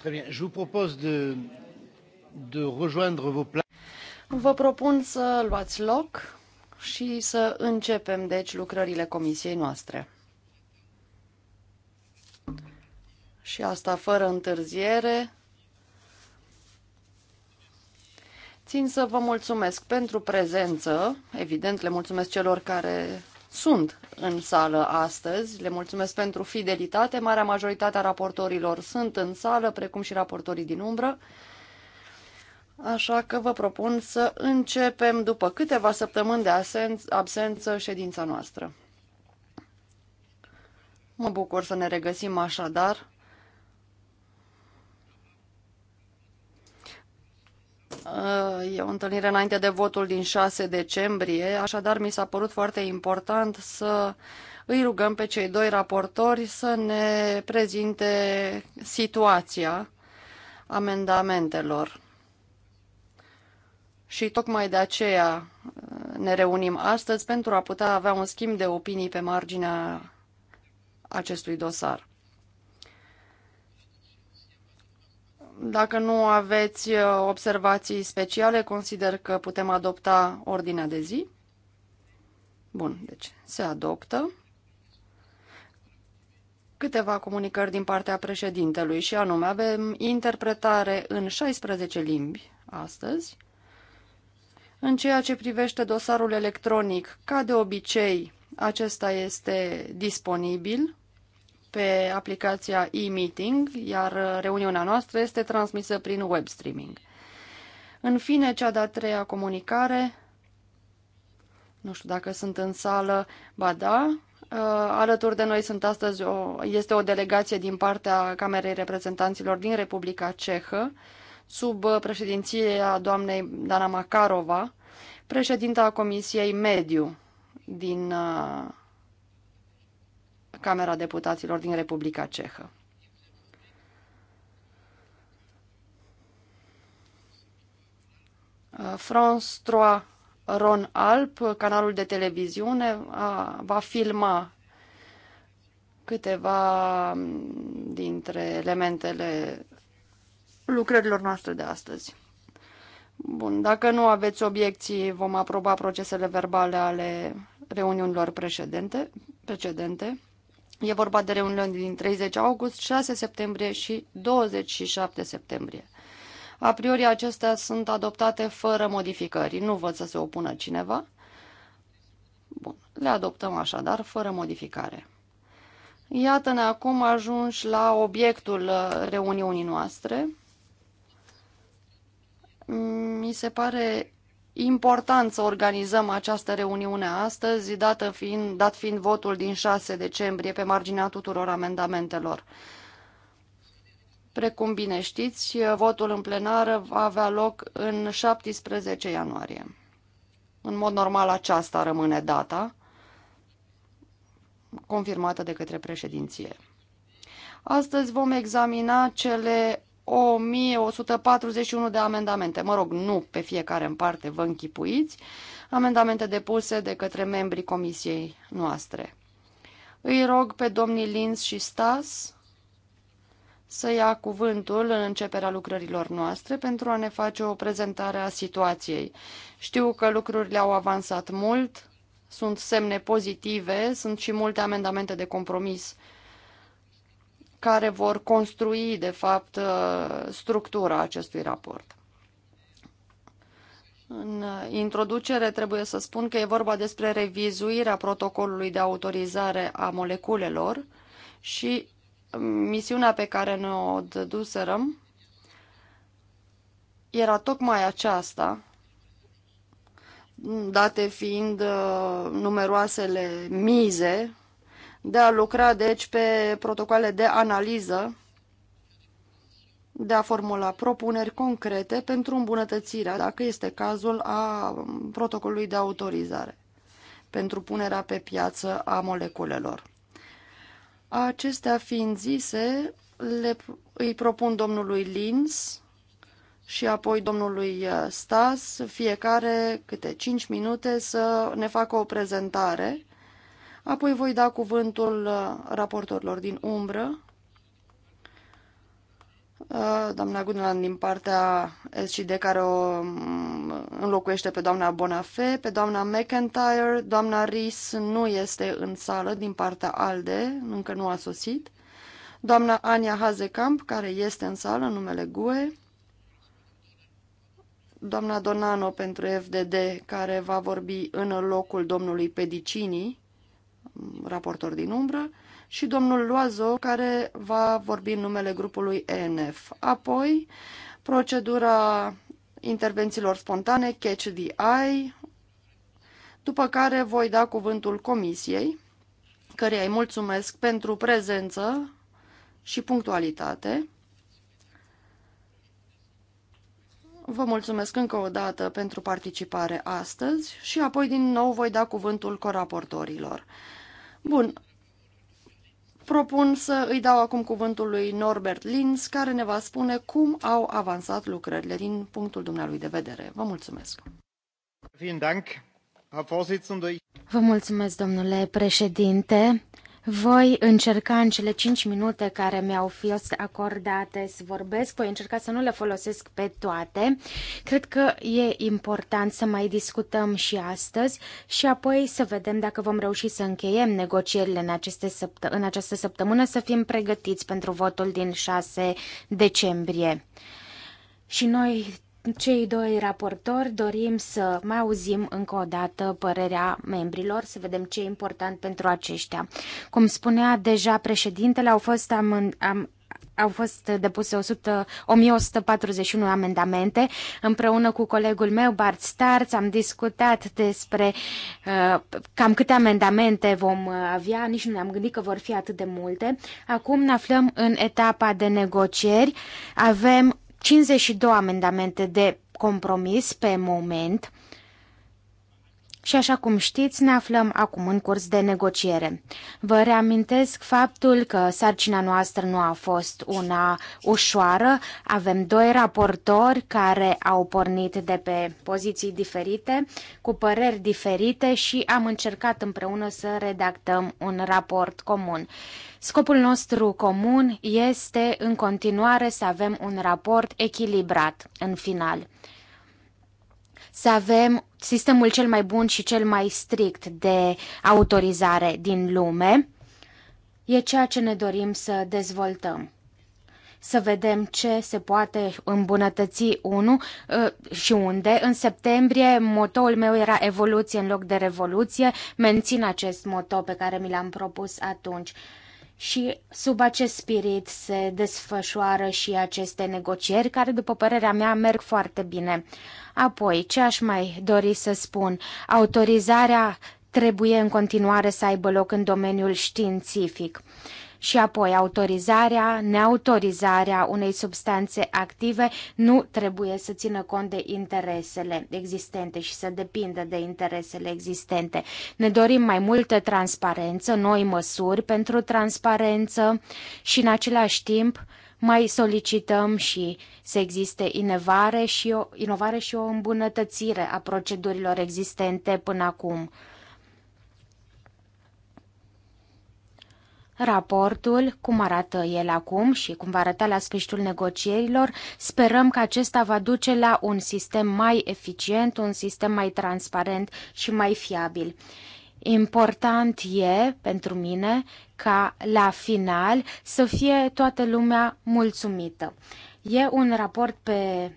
Très bien. Je vous propose de, de rejoindre vos Vă propun să luați loc și să începem, deci, lucrările comisiei noastre. Și asta fără întârziere. Țin să vă mulțumesc pentru prezență. Evident, le mulțumesc celor care sunt în sală astăzi. Le mulțumesc pentru fidelitate. Marea majoritate a raportorilor sunt în sală, precum și raportorii din umbră. Așa că vă propun să începem după câteva săptămâni de absență ședința noastră. Mă bucur să ne regăsim așadar Uh, e o întâlnire înainte de votul din 6 decembrie, așadar mi s-a părut foarte important să îi rugăm pe cei doi raportori să ne prezinte situația amendamentelor. Și tocmai de aceea uh, ne reunim astăzi pentru a putea avea un schimb de opinii pe marginea acestui dosar. Dacă nu aveți uh, observații speciale, consider că putem adopta ordinea de zi. Bun, deci se adoptă. Câteva comunicări din partea președintelui și anume avem interpretare în 16 limbi astăzi. În ceea ce privește dosarul electronic, ca de obicei, acesta este disponibil pe aplicația e-meeting, iar reuniunea noastră este transmisă prin web streaming. În fine, cea de-a treia comunicare, nu știu dacă sunt în sală, ba da, uh, alături de noi sunt astăzi o, este o delegație din partea Camerei Reprezentanților din Republica Cehă, sub președinția doamnei Dana Makarova, președinta Comisiei Mediu din uh, Camera Deputaților din Republica Cehă. 3 uh, Ron Alp, canalul de televiziune, a, va filma câteva mm, dintre elementele lucrărilor noastre de astăzi. Bun, dacă nu aveți obiecții, vom aproba procesele verbale ale reuniunilor precedente. precedente. E vorba de reuniunile din 30 august, 6 septembrie și 27 septembrie. A priori acestea sunt adoptate fără modificări. Nu văd să se opună cineva. Bun, le adoptăm așadar fără modificare. Iată-ne acum ajungi la obiectul uh, reuniunii noastre. Mi se pare important să organizăm această reuniune astăzi, dată fiind, dat fiind votul din 6 decembrie pe marginea tuturor amendamentelor. Precum bine știți, votul în plenară va avea loc în 17 ianuarie. În mod normal aceasta rămâne data confirmată de către președinție. Astăzi vom examina cele 1141 de amendamente. Mă rog, nu pe fiecare în parte vă închipuiți. Amendamente depuse de către membrii comisiei noastre. Îi rog pe domnii Linz și Stas să ia cuvântul în începerea lucrărilor noastre pentru a ne face o prezentare a situației. Știu că lucrurile au avansat mult, sunt semne pozitive, sunt și multe amendamente de compromis care vor construi, de fapt, uh, structura acestui raport. În introducere trebuie să spun că e vorba despre revizuirea protocolului de autorizare a moleculelor și um, misiunea pe care ne-o dăduserăm era tocmai aceasta, date fiind uh, numeroasele mize de a lucra, deci, pe protocoale de analiză, de a formula propuneri concrete pentru îmbunătățirea, dacă este cazul, a protocolului de autorizare pentru punerea pe piață a moleculelor. Acestea fiind zise, le, îi propun domnului Lins și apoi domnului uh, Stas, fiecare câte 5 minute, să ne facă o prezentare Apoi voi da cuvântul uh, raportorilor din umbră. Uh, doamna Gunelan din partea SCD care o mm, înlocuiește pe doamna Bonafé, pe doamna McIntyre, doamna Ris nu este în sală din partea ALDE, încă nu a sosit, doamna Ania Hazekamp, care este în sală, numele GUE, doamna Donano pentru FDD, care va vorbi în locul domnului Pedicini, raportor din umbră, și domnul Loazo, care va vorbi în numele grupului ENF. Apoi, procedura intervențiilor spontane, catch the eye, după care voi da cuvântul comisiei, căreia îi mulțumesc pentru prezență și punctualitate. Vă mulțumesc încă o dată pentru participare astăzi și apoi din nou voi da cuvântul coraportorilor. Bun. Propun să îi dau acum cuvântul lui Norbert Linz, care ne va spune cum au avansat lucrările din punctul dumnealui de vedere. Vă mulțumesc! Vă mulțumesc, domnule președinte. Voi încerca în cele 5 minute care mi-au fost acordate să vorbesc, voi încerca să nu le folosesc pe toate. Cred că e important să mai discutăm și astăzi și apoi să vedem dacă vom reuși să încheiem negocierile în, aceste săpt- în această săptămână, să fim pregătiți pentru votul din 6 decembrie. Și noi cei doi raportori dorim să mai auzim încă o dată părerea membrilor, să vedem ce e important pentru aceștia. Cum spunea deja președintele, au fost am, am, au fost depuse 100, 1141 amendamente. Împreună cu colegul meu, Bart Starț, am discutat despre uh, cam câte amendamente vom uh, avea. Nici nu ne-am gândit că vor fi atât de multe. Acum ne aflăm în etapa de negocieri. Avem 52 amendamente de compromis pe moment și așa cum știți, ne aflăm acum în curs de negociere. Vă reamintesc faptul că sarcina noastră nu a fost una ușoară. Avem doi raportori care au pornit de pe poziții diferite, cu păreri diferite și am încercat împreună să redactăm un raport comun. Scopul nostru comun este în continuare să avem un raport echilibrat în final să avem sistemul cel mai bun și cel mai strict de autorizare din lume. E ceea ce ne dorim să dezvoltăm să vedem ce se poate îmbunătăți unul uh, și unde. În septembrie, motoul meu era evoluție în loc de revoluție. Mențin acest moto pe care mi l-am propus atunci și sub acest spirit se desfășoară și aceste negocieri, care, după părerea mea, merg foarte bine. Apoi, ce aș mai dori să spun? Autorizarea trebuie în continuare să aibă loc în domeniul științific și apoi autorizarea, neautorizarea unei substanțe active nu trebuie să țină cont de interesele existente și să depindă de interesele existente. Ne dorim mai multă transparență, noi măsuri pentru transparență și în același timp mai solicităm și să existe inovare și o, inovare și o îmbunătățire a procedurilor existente până acum. Raportul, cum arată el acum și cum va arăta la sfârșitul negocierilor, sperăm că acesta va duce la un sistem mai eficient, un sistem mai transparent și mai fiabil. Important e pentru mine ca la final să fie toată lumea mulțumită. E un raport pe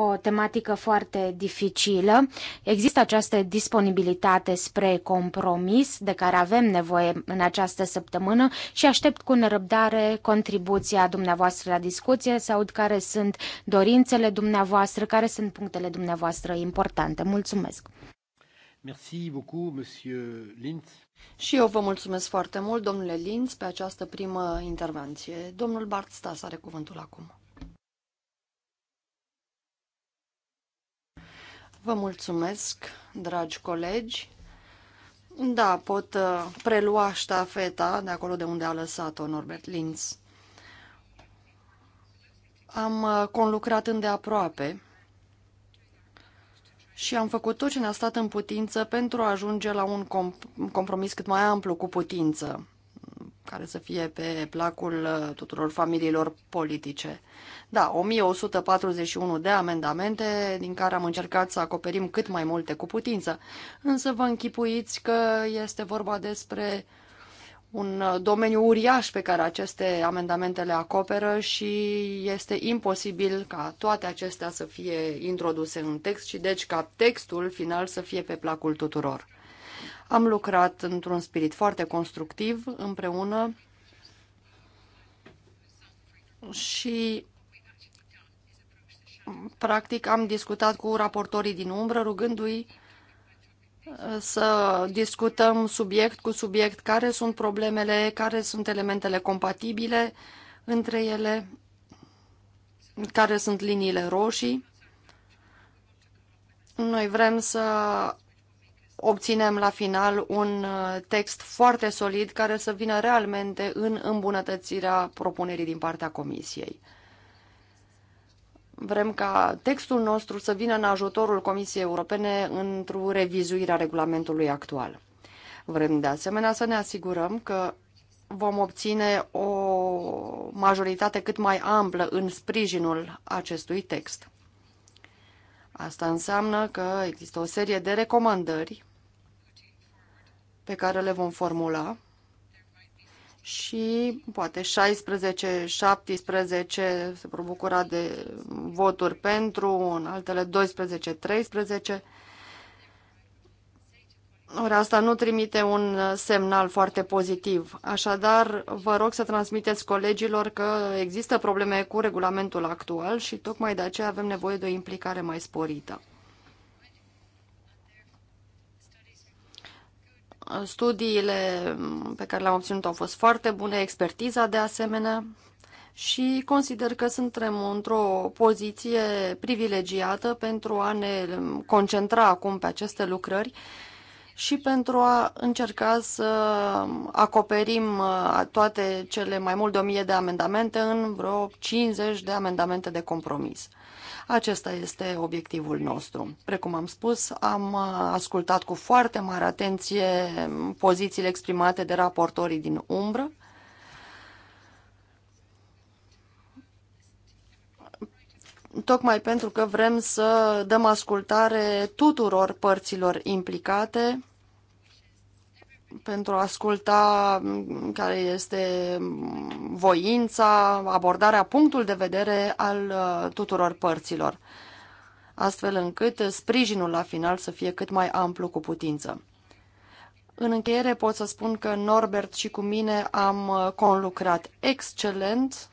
o tematică foarte dificilă. Există această disponibilitate spre compromis de care avem nevoie în această săptămână și aștept cu nerăbdare contribuția dumneavoastră la discuție, să aud care sunt dorințele dumneavoastră, care sunt punctele dumneavoastră importante. Mulțumesc! Merci beaucoup, monsieur Linz. Și eu vă mulțumesc foarte mult, domnule Linz, pe această primă intervenție. Domnul Bart Stas are cuvântul acum. Vă mulțumesc, dragi colegi. Da, pot uh, prelua ștafeta de acolo de unde a lăsat-o Norbert Linz. Am uh, conlucrat îndeaproape și am făcut tot ce ne-a stat în putință pentru a ajunge la un compromis cât mai amplu cu putință care să fie pe placul uh, tuturor familiilor politice. Da, 1141 de amendamente, din care am încercat să acoperim cât mai multe cu putință, însă vă închipuiți că este vorba despre un uh, domeniu uriaș pe care aceste amendamente le acoperă și este imposibil ca toate acestea să fie introduse în text și deci ca textul final să fie pe placul tuturor. Am lucrat într-un spirit foarte constructiv împreună și practic am discutat cu raportorii din umbră rugându-i uh, să discutăm subiect cu subiect care sunt problemele, care sunt elementele compatibile între ele, care sunt liniile roșii. Noi vrem să obținem la final un uh, text foarte solid care să vină realmente în îmbunătățirea propunerii din partea Comisiei. Vrem ca textul nostru să vină în ajutorul Comisiei Europene într-o revizuire a regulamentului actual. Vrem de asemenea să ne asigurăm că vom obține o majoritate cât mai amplă în sprijinul acestui text. Asta înseamnă că există o serie de recomandări pe care le vom formula și poate 16-17 se vor bucura de voturi pentru, în altele 12-13. Ori asta nu trimite un semnal foarte pozitiv. Așadar, vă rog să transmiteți colegilor că există probleme cu regulamentul actual și tocmai de aceea avem nevoie de o implicare mai sporită. Studiile pe care le-am obținut au fost foarte bune, expertiza de asemenea și consider că suntem într-o poziție privilegiată pentru a ne concentra acum pe aceste lucrări și pentru a încerca să acoperim uh, toate cele mai mult de 1000 de amendamente în vreo 50 de amendamente de compromis. Acesta este obiectivul nostru. Precum am spus, am uh, ascultat cu foarte mare atenție pozițiile exprimate de raportorii din umbră, tocmai pentru că vrem să dăm ascultare tuturor părților implicate pentru a asculta mm, care este mm, voința, abordarea, punctul de vedere al uh, tuturor părților, astfel încât sprijinul la final să fie cât mai amplu cu putință. În încheiere pot să spun că Norbert și cu mine am uh, conlucrat excelent,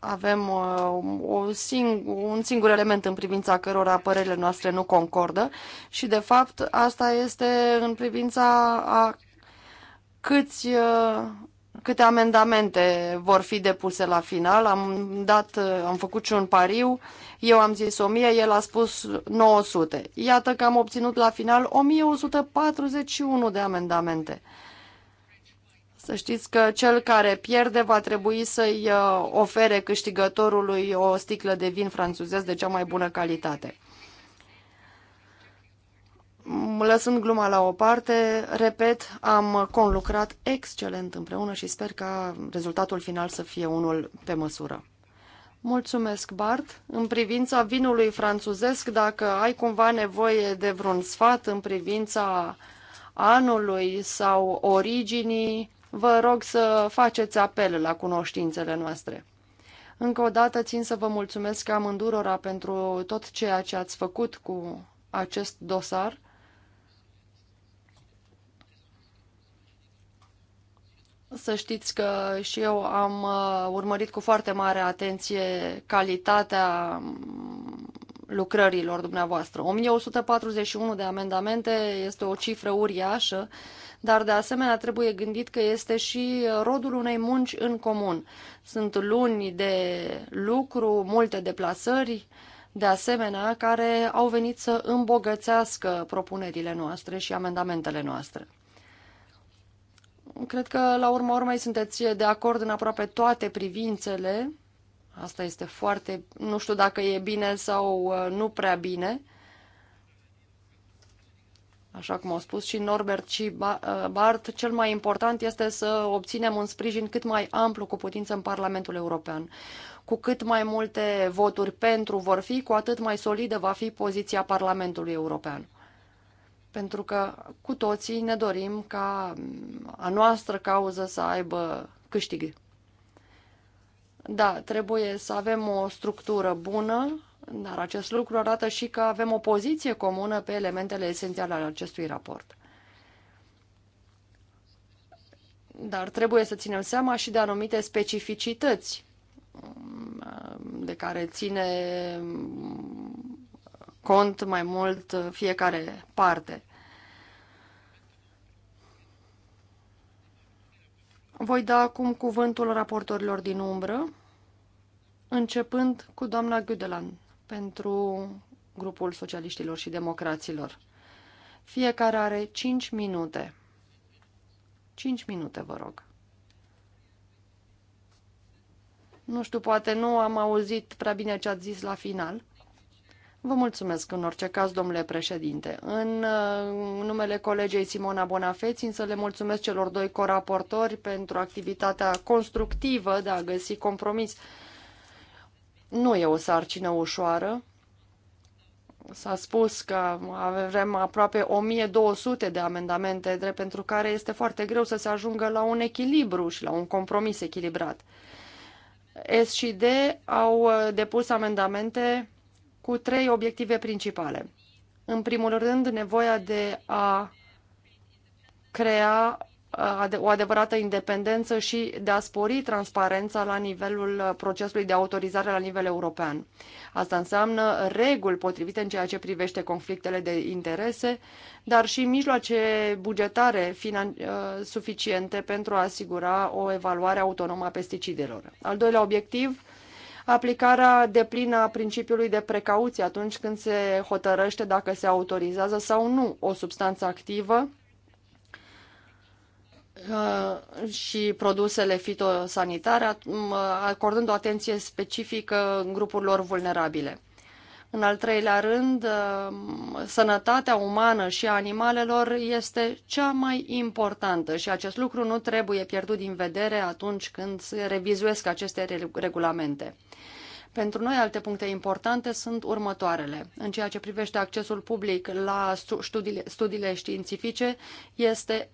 avem uh, o sing un singur element în privința cărora părerile noastre nu concordă și, de fapt, asta este în privința a câți, uh, câte amendamente vor fi depuse la final. Am dat, uh, am făcut și un pariu, eu am zis 1000, el a spus 900. Iată că am obținut la final 1141 de amendamente. Să știți că cel care pierde va trebui să-i uh, ofere câștigătorului o sticlă de vin franțuzez de cea mai bună calitate lăsând gluma la o parte, repet, am conlucrat excelent împreună și sper ca rezultatul final să fie unul pe măsură. Mulțumesc, Bart. În privința vinului franțuzesc, dacă ai cumva nevoie de vreun sfat în privința anului sau originii, vă rog să faceți apel la cunoștințele noastre. Încă o dată țin să vă mulțumesc amândurora pentru tot ceea ce ați făcut cu acest dosar Să știți că și eu am uh, urmărit cu foarte mare atenție calitatea mm, lucrărilor dumneavoastră. 1141 de amendamente este o cifră uriașă, dar de asemenea trebuie gândit că este și rodul unei munci în comun. Sunt luni de lucru, multe deplasări, de asemenea, care au venit să îmbogățească propunerile noastre și amendamentele noastre. Cred că, la urma urmei, sunteți de acord în aproape toate privințele. Asta este foarte... Nu știu dacă e bine sau uh, nu prea bine. Așa cum au spus și Norbert și uh, Bart, cel mai important este să obținem un sprijin cât mai amplu cu putință în Parlamentul European. Cu cât mai multe voturi pentru vor fi, cu atât mai solidă va fi poziția Parlamentului European pentru că cu toții ne dorim ca a noastră cauză să aibă câștig. Da, trebuie să avem o structură bună, dar acest lucru arată și că avem o poziție comună pe elementele esențiale ale acestui raport. Dar trebuie să ținem seama și de anumite specificități mm, de care ține cont mai mult fiecare parte. Voi da acum cuvântul raportorilor din umbră, începând cu doamna Gudelan pentru grupul socialiștilor și democraților. Fiecare are 5 minute. 5 minute, vă rog. Nu știu, poate nu am auzit prea bine ce ați zis la final. Vă mulțumesc în orice caz, domnule președinte. În uh, numele colegei Simona Bonafeți, însă le mulțumesc celor doi coraportori pentru activitatea constructivă de a găsi compromis. Nu e o sarcină ușoară. S-a spus că avem aproape 1200 de amendamente, drept pentru care este foarte greu să se ajungă la un echilibru și la un compromis echilibrat. S și D au uh, depus amendamente cu trei obiective principale. În primul rând, nevoia de a crea o adevărată independență și de a spori transparența la nivelul procesului de autorizare la nivel european. Asta înseamnă reguli potrivite în ceea ce privește conflictele de interese, dar și mijloace bugetare ă, suficiente pentru a asigura o evaluare autonomă a pesticidelor. Al doilea obiectiv aplicarea plină a principiului de precauție atunci când se hotărăște dacă se autorizează sau nu o substanță activă uh, și produsele fitosanitare, acordând o atenție specifică grupurilor vulnerabile. În al treilea rând, uh, sănătatea umană și a animalelor este cea mai importantă și acest lucru nu trebuie pierdut din vedere atunci când se revizuiesc aceste regulamente. Pentru noi, alte puncte importante sunt următoarele. În ceea ce privește accesul public la studiile, studiile științifice, este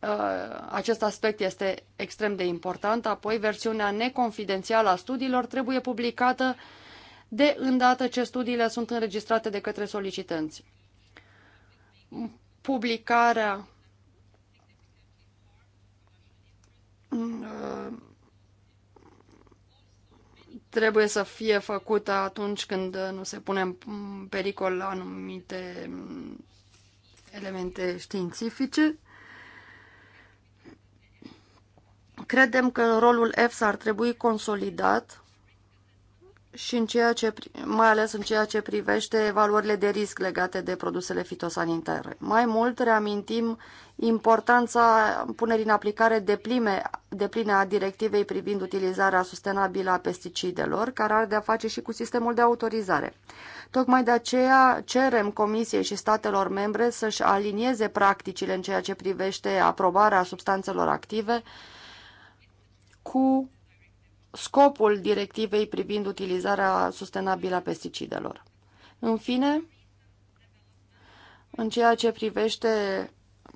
uh, acest aspect este extrem de important. Apoi, versiunea neconfidențială a studiilor trebuie publicată de îndată ce studiile sunt înregistrate de către solicitanți. Publicarea uh, trebuie să fie făcută atunci când nu se pune în pericol anumite elemente științifice. Credem că rolul EFSA ar trebui consolidat și în ceea ce, mai ales în ceea ce privește evaluările de risc legate de produsele fitosanitare. Mai mult reamintim importanța punerii în aplicare de, plime, de pline a directivei privind utilizarea sustenabilă a pesticidelor, care are de-a face și cu sistemul de autorizare. Tocmai de aceea cerem Comisiei și statelor membre să-și alinieze practicile în ceea ce privește aprobarea substanțelor active cu scopul directivei privind utilizarea sustenabilă a pesticidelor. În fine, în ceea ce privește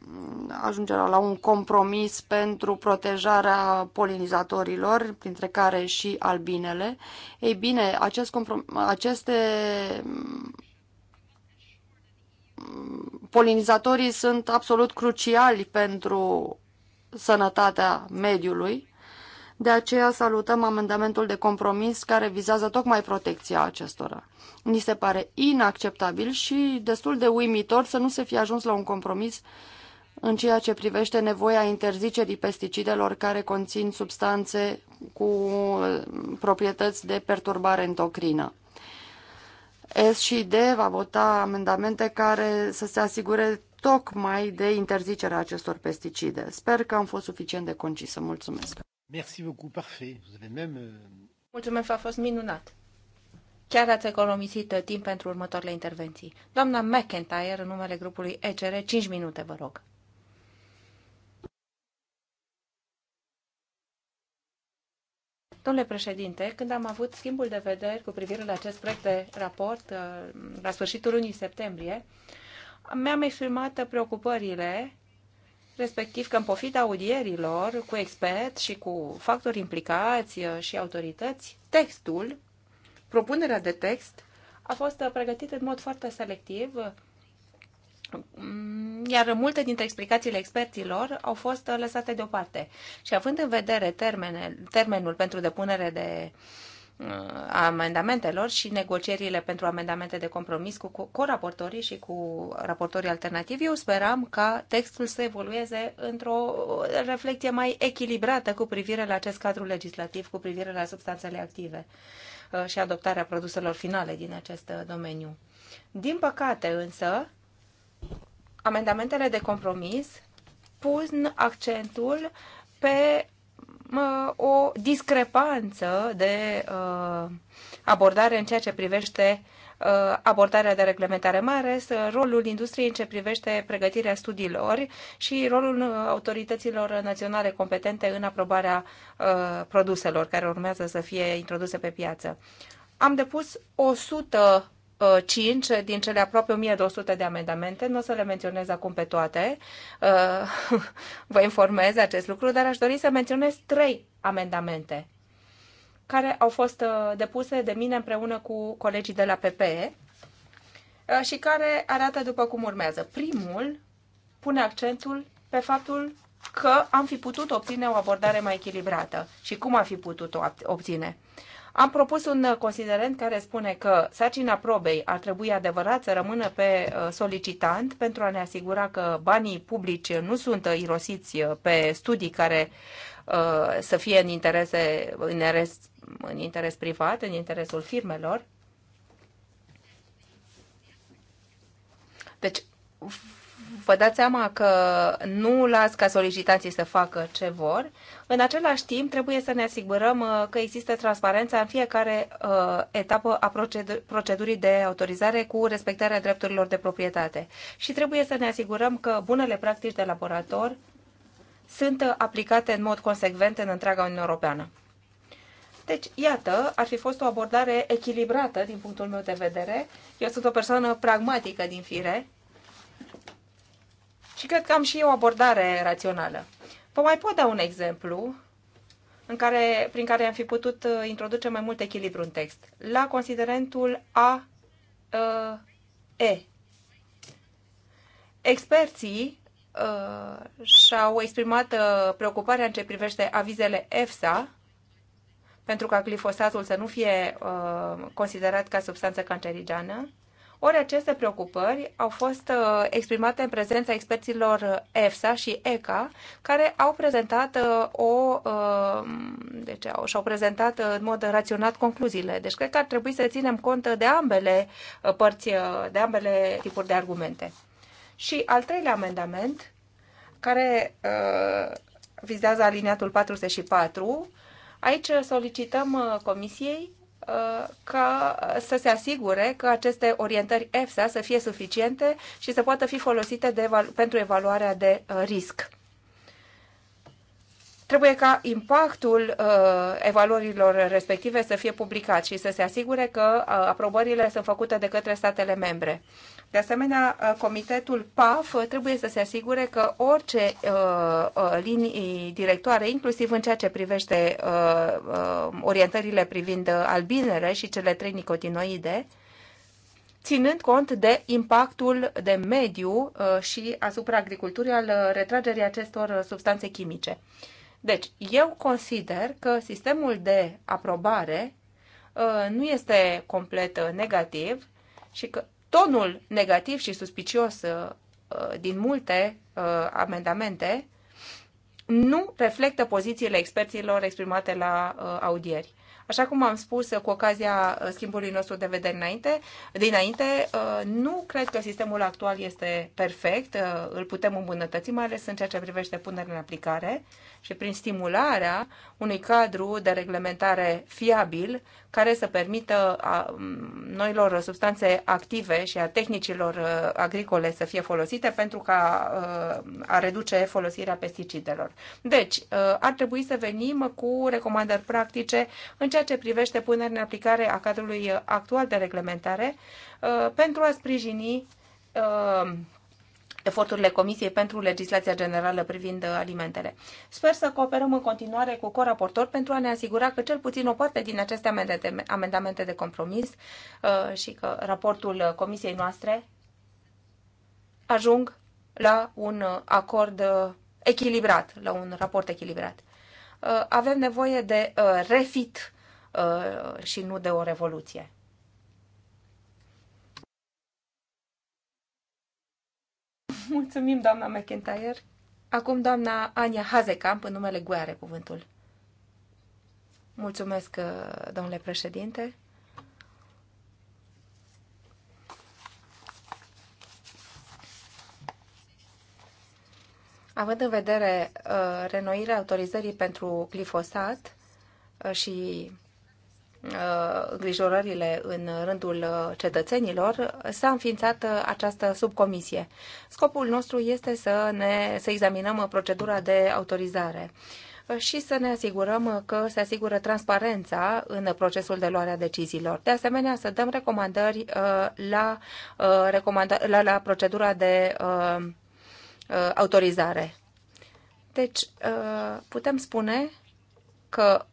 mm, ajungerea la un compromis pentru protejarea polinizatorilor, printre care și albinele, ei bine, acest aceste mm, polinizatorii sunt absolut cruciali pentru sănătatea mediului de aceea salutăm amendamentul de compromis care vizează tocmai protecția acestora. Ni se pare inacceptabil și destul de uimitor să nu se fie ajuns la un compromis în ceea ce privește nevoia interzicerii pesticidelor care conțin substanțe cu uh, proprietăți de perturbare endocrină. S și D va vota amendamente care să se asigure tocmai de interzicerea acestor pesticide. Sper că am fost suficient de concisă. Mulțumesc! Merci beaucoup, parfait. Vous avez même... Euh, Mulțumesc, a fost minunat. Chiar ați economisit uh, timp pentru următoarele intervenții. Doamna McIntyre, în numele grupului ECR, 5 minute, vă rog. Domnule președinte, când am avut schimbul de vederi cu privire la acest proiect de raport uh, la sfârșitul lunii septembrie, mi-am exprimat preocupările respectiv că în pofida audierilor cu expert și cu factori implicați uh, și autorități, textul, propunerea de text, a fost uh, pregătită în mod foarte selectiv, mm, iar multe dintre explicațiile experților au fost uh, lăsate deoparte. Și având în vedere termene, termenul pentru depunere de uh, Uh, amendamentelor și negocierile pentru amendamente de compromis cu coraportorii și cu raportorii alternativi, eu speram ca textul să evolueze într-o reflecție mai echilibrată cu privire la acest cadru legislativ, cu privire la substanțele active uh, și adoptarea produselor finale din acest uh, domeniu. Din păcate însă, amendamentele de compromis pun accentul pe Uh, o discrepanță de uh, abordare în ceea ce privește uh, abordarea de reglementare, mai ales rolul industriei în ce privește pregătirea studiilor și rolul autorităților naționale competente în aprobarea produselor care urmează să fie introduse pe piață. Am depus 100 5 din cele aproape 1200 de amendamente. Nu o să le menționez acum pe toate. Uh, vă informez acest lucru, dar aș dori să menționez 3 amendamente care au fost uh, depuse de mine împreună cu colegii de la PPE uh, și care arată după cum urmează. Primul pune accentul pe faptul că am fi putut obține o abordare mai echilibrată. Și cum am fi putut o obține? Am propus un uh, considerent care spune că sarcina probei ar trebui adevărat să rămână pe uh, solicitant pentru a ne asigura că banii publici nu sunt uh, irosiți pe studii care să fie în, interese, în, interes, în interes privat, în interesul firmelor. Deci, vă dați seama că nu las ca solicitanții să facă ce vor. În același timp, trebuie să ne asigurăm uh, că există transparența în fiecare uh, etapă a procedurii de autorizare cu respectarea drepturilor de proprietate. Și trebuie să ne asigurăm că bunele practici de laborator sunt uh, aplicate în mod consecvent în întreaga Uniune Europeană. Deci, iată, ar fi fost o abordare echilibrată din punctul meu de vedere. Eu sunt o persoană pragmatică din fire și cred că am și eu o abordare rațională. Vă mai pot da un exemplu în care, prin care am fi putut uh, introduce mai mult echilibru în text. La considerentul A, uh, E. Experții uh, și-au exprimat uh, preocuparea în ce privește avizele EFSA pentru ca glifosatul să nu fie uh, considerat ca substanță cancerigenă ori aceste preocupări au fost uh, exprimate în prezența experților uh, EFSA și ECA, care au prezentat uh, o, deci, și-au prezentat în mod raționat concluziile. Deci cred că ar trebui să ținem cont de ambele părți, de ambele tipuri de argumente. Și al treilea amendament, care vizează aliniatul 44, aici solicităm comisiei ca să se asigure că aceste orientări EFSA să fie suficiente și să poată fi folosite de, pentru evaluarea de uh, risc. Trebuie ca impactul uh, evaluărilor respective să fie publicat și să se asigure că uh, aprobările sunt făcute de către statele membre. De asemenea, uh, comitetul PAF trebuie să se asigure că orice uh, uh, linii directoare, inclusiv în ceea ce privește uh, uh, orientările privind albinele și cele trei nicotinoide, ținând cont de impactul de mediu uh, și asupra agriculturii al retragerii acestor substanțe chimice. Deci, eu consider că sistemul de aprobare nu este complet negativ și că tonul negativ și suspicios uh, uh, din multe uh, amendamente nu reflectă pozițiile experților exprimate la audieri. Așa cum am spus cu ocazia schimbului nostru de vedere înainte, dinainte, nu cred că sistemul actual este perfect, îl putem îmbunătăți, mai ales în ceea ce privește punerea în aplicare și prin stimularea unui cadru de reglementare fiabil care să permită a noilor substanțe active și a tehnicilor uh, agricole să fie folosite pentru ca uh, a reduce folosirea pesticidelor. Deci, uh, ar trebui să venim cu recomandări practice în ceea ce privește punerea în aplicare a cadrului actual de reglementare pentru a sprijini eforturile Comisiei pentru legislația generală privind uh, alimentele. Sper să cooperăm în continuare cu coraportor pentru a ne asigura că cel puțin o parte din aceste amendamente de compromis uh, și că raportul uh, Comisiei noastre ajung la un acord echilibrat, la un raport echilibrat. Avem nevoie de refit și nu de o revoluție. Mulțumim, doamna McIntyre. Acum doamna Ania Hazekamp, în numele GUE, are cuvântul. Mulțumesc, uh, domnule președinte. Având în vedere uh, renoirea autorizării pentru glifosat uh, și Uh, îngrijorările în rândul uh, cetățenilor, s-a înființat uh, această subcomisie. Scopul nostru este să, ne, să examinăm procedura de autorizare și să ne asigurăm că se asigură transparența în procesul de luare a deciziilor. De asemenea, să dăm recomandări la, la, la procedura de autorizare. Deci, putem spune că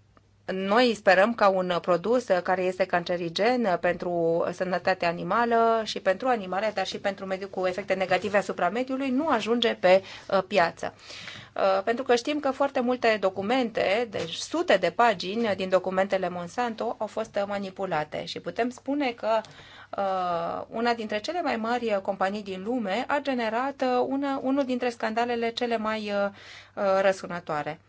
noi sperăm ca un produs care este cancerigen pentru sănătatea animală și pentru animale, dar și pentru mediul cu efecte negative asupra mediului, nu ajunge pe uh, piață. Uh, pentru că știm că foarte multe documente, deci sute de pagini din documentele Monsanto au fost manipulate și putem spune că uh, una dintre cele mai mari companii din lume a generat una, unul dintre scandalele cele mai răsunătoare.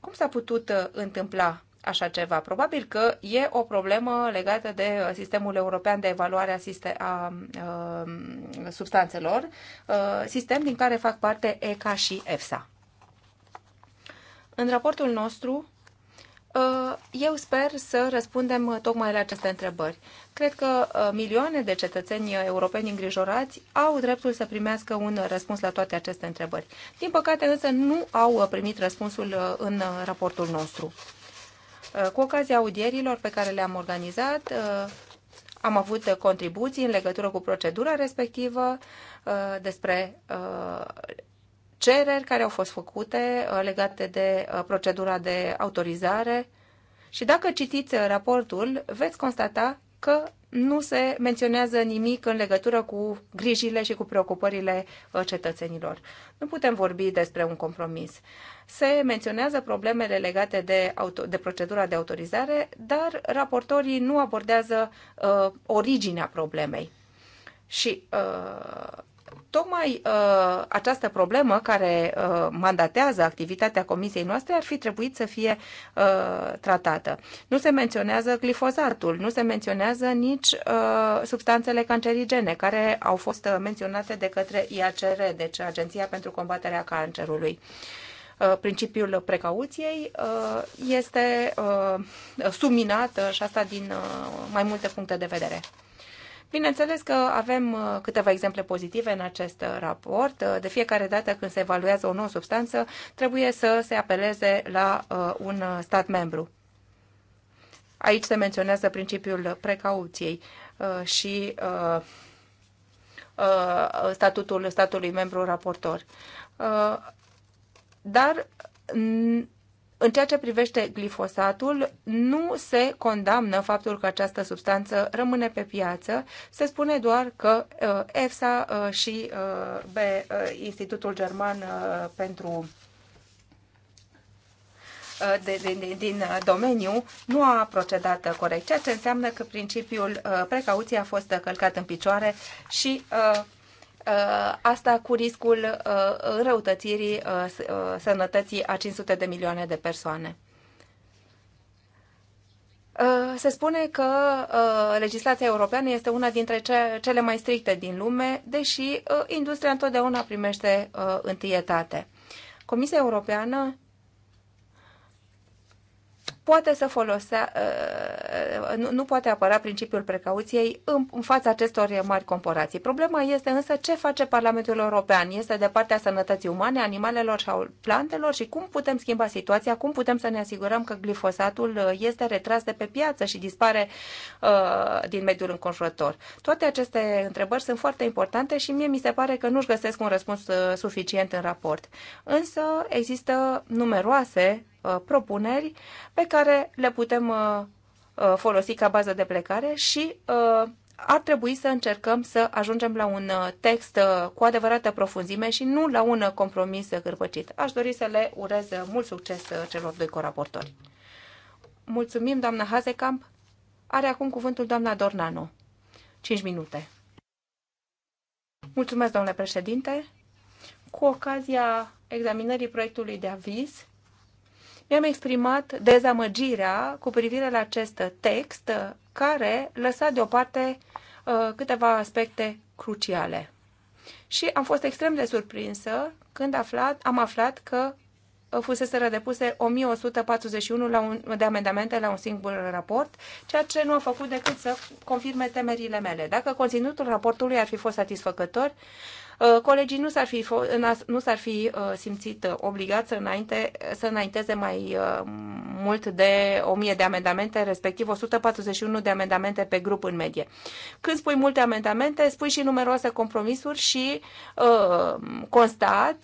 Cum s-a putut întâmpla așa ceva. Probabil că e o problemă legată de uh, sistemul european de evaluare a, a uh, substanțelor, uh, sistem din care fac parte ECA și EFSA. În raportul nostru, eu sper să răspundem tocmai la aceste întrebări. Cred că milioane de cetățeni europeni îngrijorați au dreptul să primească un răspuns la toate aceste întrebări. Din păcate însă nu au primit răspunsul în raportul nostru. Uh, cu ocazia audierilor pe care le-am organizat, uh, am avut contribuții în legătură cu procedura respectivă uh, despre cereri care au fost făcute legate de procedura de autorizare. Și dacă citiți raportul, veți constata că nu se menționează nimic în legătură cu grijile și cu preocupările uh, cetățenilor. Nu putem vorbi despre un compromis. Se menționează problemele legate de, auto, de procedura de autorizare, dar raportorii nu abordează uh, originea problemei. Și uh, tocmai uh, această problemă care uh, mandatează activitatea comisiei noastre ar fi trebuit să fie uh, tratată. Nu se menționează glifozatul, nu se menționează nici uh, substanțele cancerigene care au fost uh, menționate de către IACR, deci Agenția pentru Combaterea Cancerului. Uh, principiul precauției uh, este subminat și asta din mai multe puncte de vedere. Bineînțeles că avem uh, câteva exemple pozitive în acest uh, raport. Uh, de fiecare dată când se evaluează o nouă substanță, trebuie să se apeleze la un stat membru. Aici se menționează principiul precauției și statutul statului membru raportor. Dar în ceea ce privește glifosatul, nu se condamnă faptul că această substanță rămâne pe piață, se spune doar că uh, EFSA uh, și uh, Institutul German pentru de, din, din domeniu nu a procedat corect, ceea ce înseamnă că principiul precauției a fost călcat în picioare și Uh, asta cu riscul uh, răutățirii uh, sănătății a 500 de milioane de persoane. Se spune că legislația europeană este una dintre cele mai stricte din lume, deși industria întotdeauna primește întâietate. Comisia Europeană poate să folosea, uh, nu, nu poate apăra principiul precauției în, în fața acestor mari comparații. Problema este însă ce face Parlamentul European. Este de partea sănătății umane, animalelor sau plantelor și cum putem schimba situația, cum putem să ne asigurăm că glifosatul uh, este retras de pe piață și dispare uh, din mediul înconjurător. Toate aceste întrebări sunt foarte importante și mie mi se pare că nu-și găsesc un răspuns uh, suficient în raport. Însă există numeroase Uh, propuneri pe care le putem uh, uh, folosi ca bază de plecare și ar trebui să încercăm să ajungem la un text cu adevărată profunzime și nu la un compromis gârbăcit. Aș dori să le urez mult succes celor doi coraportori. Mulțumim, doamna Hazekamp. Are acum cuvântul doamna Dornano. 5 minute. Mulțumesc, domnule președinte. Cu ocazia examinării proiectului de aviz, mi-am exprimat dezamăgirea cu privire la acest text care lăsa deoparte uh, câteva aspecte cruciale. Și am fost extrem de surprinsă când aflat, am aflat că uh, fusese depuse 1141 de amendamente la un singur raport, ceea ce nu a făcut decât să confirme temerile mele. Dacă conținutul raportului ar fi fost satisfăcător, Uh, colegii nu s-ar fi, nu s-ar fi uh, simțit uh, obligați să, înainte, să înainteze mai mult de 1000 de amendamente, respectiv 141 de amendamente pe grup în medie. Când spui multe amendamente, spui și numeroase compromisuri și constat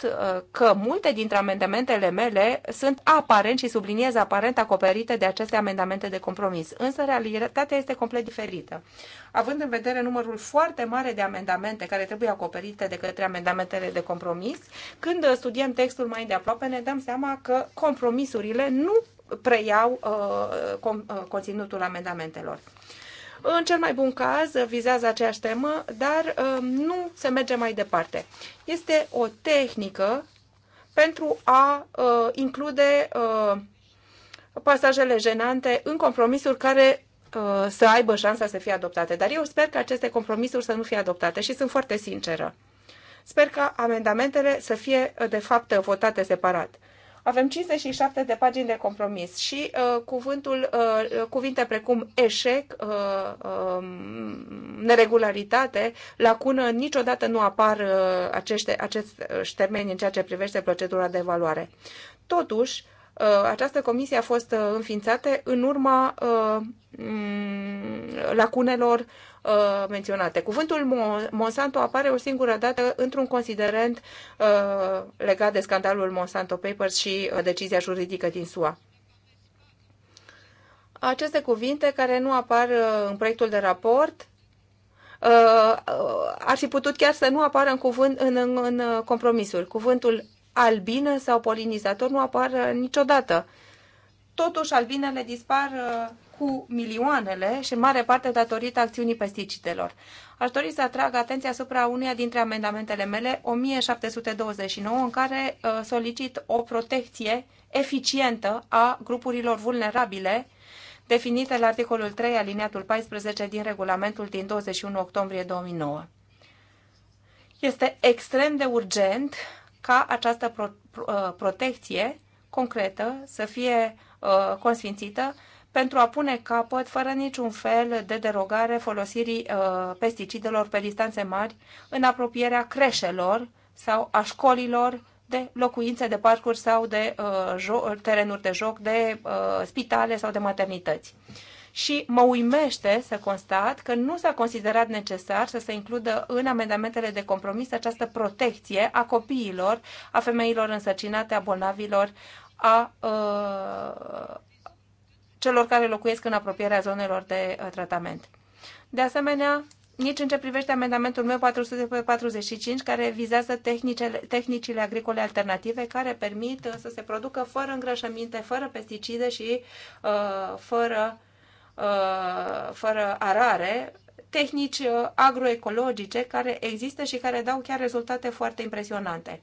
că multe dintre amendamentele mele sunt aparent și subliniez aparent acoperite de aceste amendamente de compromis. Însă realitatea este complet diferită. Având în vedere numărul foarte mare de amendamente care trebuie acoperite de către către amendamentele de compromis. Când uh, studiem textul mai de aproape, ne dăm seama că compromisurile nu preiau uh, com, uh, conținutul amendamentelor. În cel mai bun caz uh, vizează aceeași temă, dar uh, nu se merge mai departe. Este o tehnică pentru a uh, include uh, pasajele jenante în compromisuri care uh, să aibă șansa să fie adoptate. Dar eu sper că aceste compromisuri să nu fie adoptate și sunt foarte sinceră. Sper ca amendamentele să fie, uh, de fapt, uh, votate separat. Avem 57 de pagini de compromis și uh, cuvântul, uh, uh cuvinte precum eșec, uh, uh, neregularitate, lacună, niciodată nu apar uh, aceste, acești termeni în ceea ce privește procedura de evaluare. Totuși, uh, Uh, această comisie a fost uh, înființată în urma uh, mm, lacunelor menționate. Cuvântul Monsanto apare o singură dată într-un considerent legat de scandalul Monsanto Papers și decizia juridică din SUA. Aceste cuvinte care nu apar în proiectul de raport ar fi putut chiar să nu apară în, cuvânt, în, în, în compromisul. Cuvântul albină sau polinizator nu apar uh, niciodată. Totuși, albinele dispar uh, cu milioanele și în mare parte datorită acțiunii pesticidelor. Aș dori să atrag atenția asupra uneia dintre amendamentele mele, 1729, în care uh, solicit o protecție eficientă a grupurilor vulnerabile definite la articolul 3 aliniatul 14 din regulamentul din 21 octombrie 2009. Este extrem de urgent ca această pro, pro, uh, protecție concretă să fie uh, consfințită pentru a pune capăt, fără niciun fel de derogare, folosirii uh, pesticidelor pe distanțe mari în apropierea creșelor sau a școlilor de locuințe de parcuri sau de uh, terenuri de joc, de uh, spitale sau de maternități. Uh, și mă uimește să constat că nu s-a considerat necesar să se includă în amendamentele de compromis această protecție a copiilor, a femeilor însărcinate, a bolnavilor, a uh, celor care locuiesc în apropierea zonelor de uh, tratament. De asemenea, nici în ce privește amendamentul meu 445, care vizează tehnicile, tehnicile agricole alternative care permit ă, să se producă fără îngrășăminte, fără pesticide și uh, fără Uh, fără arare, tehnici uh, agroecologice care există și care dau chiar rezultate foarte impresionante.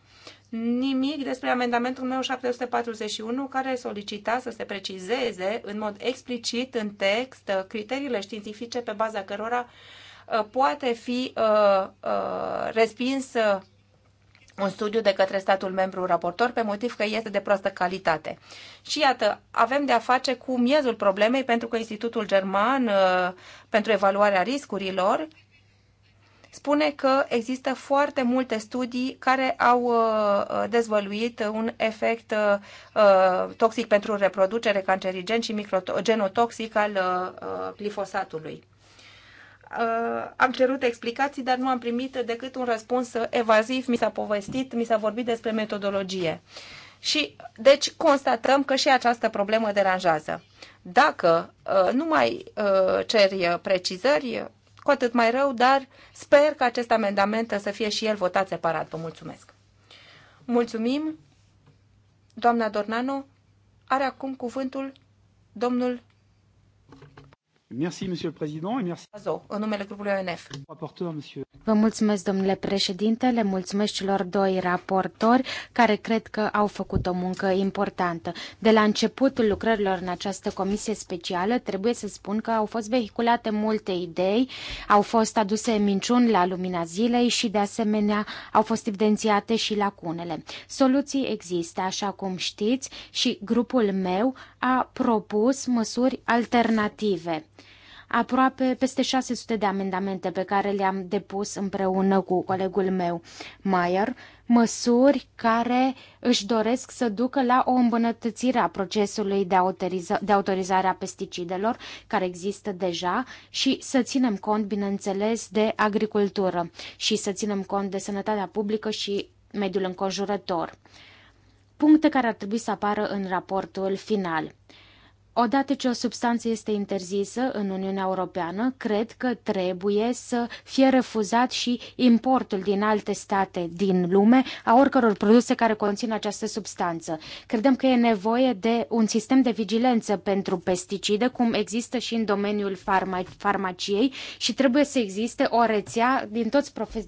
Nimic despre amendamentul meu 741 care solicita să se precizeze în mod explicit în text uh, criteriile științifice pe baza cărora poate fi respins un studiu de către statul membru raportor pe motiv că este de proastă calitate. Și iată, avem de a face cu miezul problemei pentru că Institutul German uh, pentru evaluarea riscurilor spune că există foarte multe studii care au uh, dezvăluit un efect uh, toxic pentru reproducere, cancerigen și genotoxic al glifosatului. Uh, am cerut explicații, dar nu am primit decât un răspuns evaziv, mi s-a povestit, mi s-a vorbit despre metodologie. Și, deci, constatăm că și această problemă deranjează. Dacă uh, nu mai uh, ceri precizări, cu atât mai rău, dar sper că acest amendament să fie și el votat separat. Vă mulțumesc. Mulțumim. Doamna Dornano are acum cuvântul domnul Merci, Monsieur le Président, et merci. În numele grupului ONF. monsieur. Vă mulțumesc, domnule președinte, le mulțumesc celor doi raportori care cred că au făcut o muncă importantă. De la începutul lucrărilor în această comisie specială, trebuie să spun că au fost vehiculate multe idei, au fost aduse minciuni la lumina zilei și, de asemenea, au fost evidențiate și lacunele. Soluții există, așa cum știți, și grupul meu a propus măsuri alternative. Aproape peste 600 de amendamente pe care le-am depus împreună cu colegul meu, Mayer, măsuri care își doresc să ducă la o îmbunătățire a procesului de, autoriza- de autorizare a pesticidelor care există deja și să ținem cont, bineînțeles, de agricultură și să ținem cont de sănătatea publică și mediul înconjurător puncte care ar trebui să apară în raportul final. Odată ce o substanță este interzisă în Uniunea Europeană, cred că trebuie să fie refuzat și importul din alte state din lume a oricăror produse care conțin această substanță. Credem că e nevoie de un sistem de vigilență pentru pesticide, cum există și în domeniul farma- farmaciei și trebuie să existe o rețea din toți profe-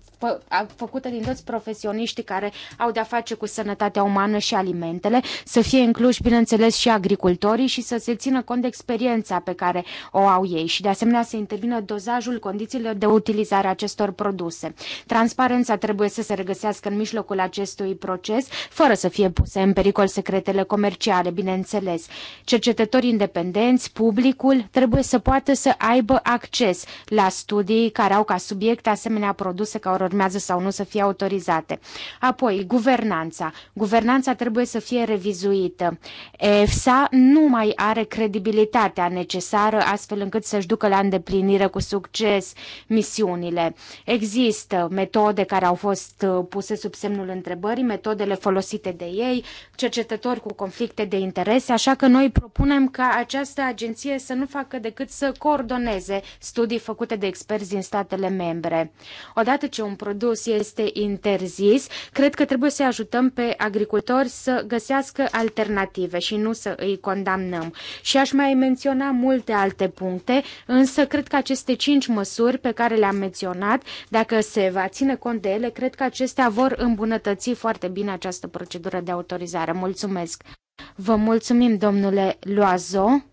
făcută din toți profesioniștii care au de-a face cu sănătatea umană și alimentele, să fie incluși, bineînțeles, și agricultorii și să se țină cont de experiența pe care o au ei și de asemenea să intervină dozajul condițiilor de utilizare a acestor produse. Transparența trebuie să se regăsească în mijlocul acestui proces, fără să fie puse în pericol secretele comerciale, bineînțeles. Cercetătorii independenți, publicul, trebuie să poată să aibă acces la studii care au ca subiect asemenea produse care urmează sau nu să fie autorizate. Apoi, guvernanța. Guvernanța trebuie să fie revizuită. EFSA nu mai are credibilitatea necesară astfel încât să-și ducă la îndeplinire cu succes misiunile. Există metode care au fost uh, puse sub semnul întrebării, metodele folosite de ei, cercetători cu conflicte de interese, așa că noi propunem ca această agenție să nu facă decât să coordoneze studii făcute de experți din statele membre. Odată ce un produs este interzis, cred că trebuie să ajutăm pe agricultori să găsească alternative și nu să îi condamnăm și aș mai menționa multe alte puncte, însă cred că aceste cinci măsuri pe care le-am menționat, dacă se va ține cont de ele, cred că acestea vor îmbunătăți foarte bine această procedură de autorizare. Mulțumesc! Vă mulțumim, domnule Loazo.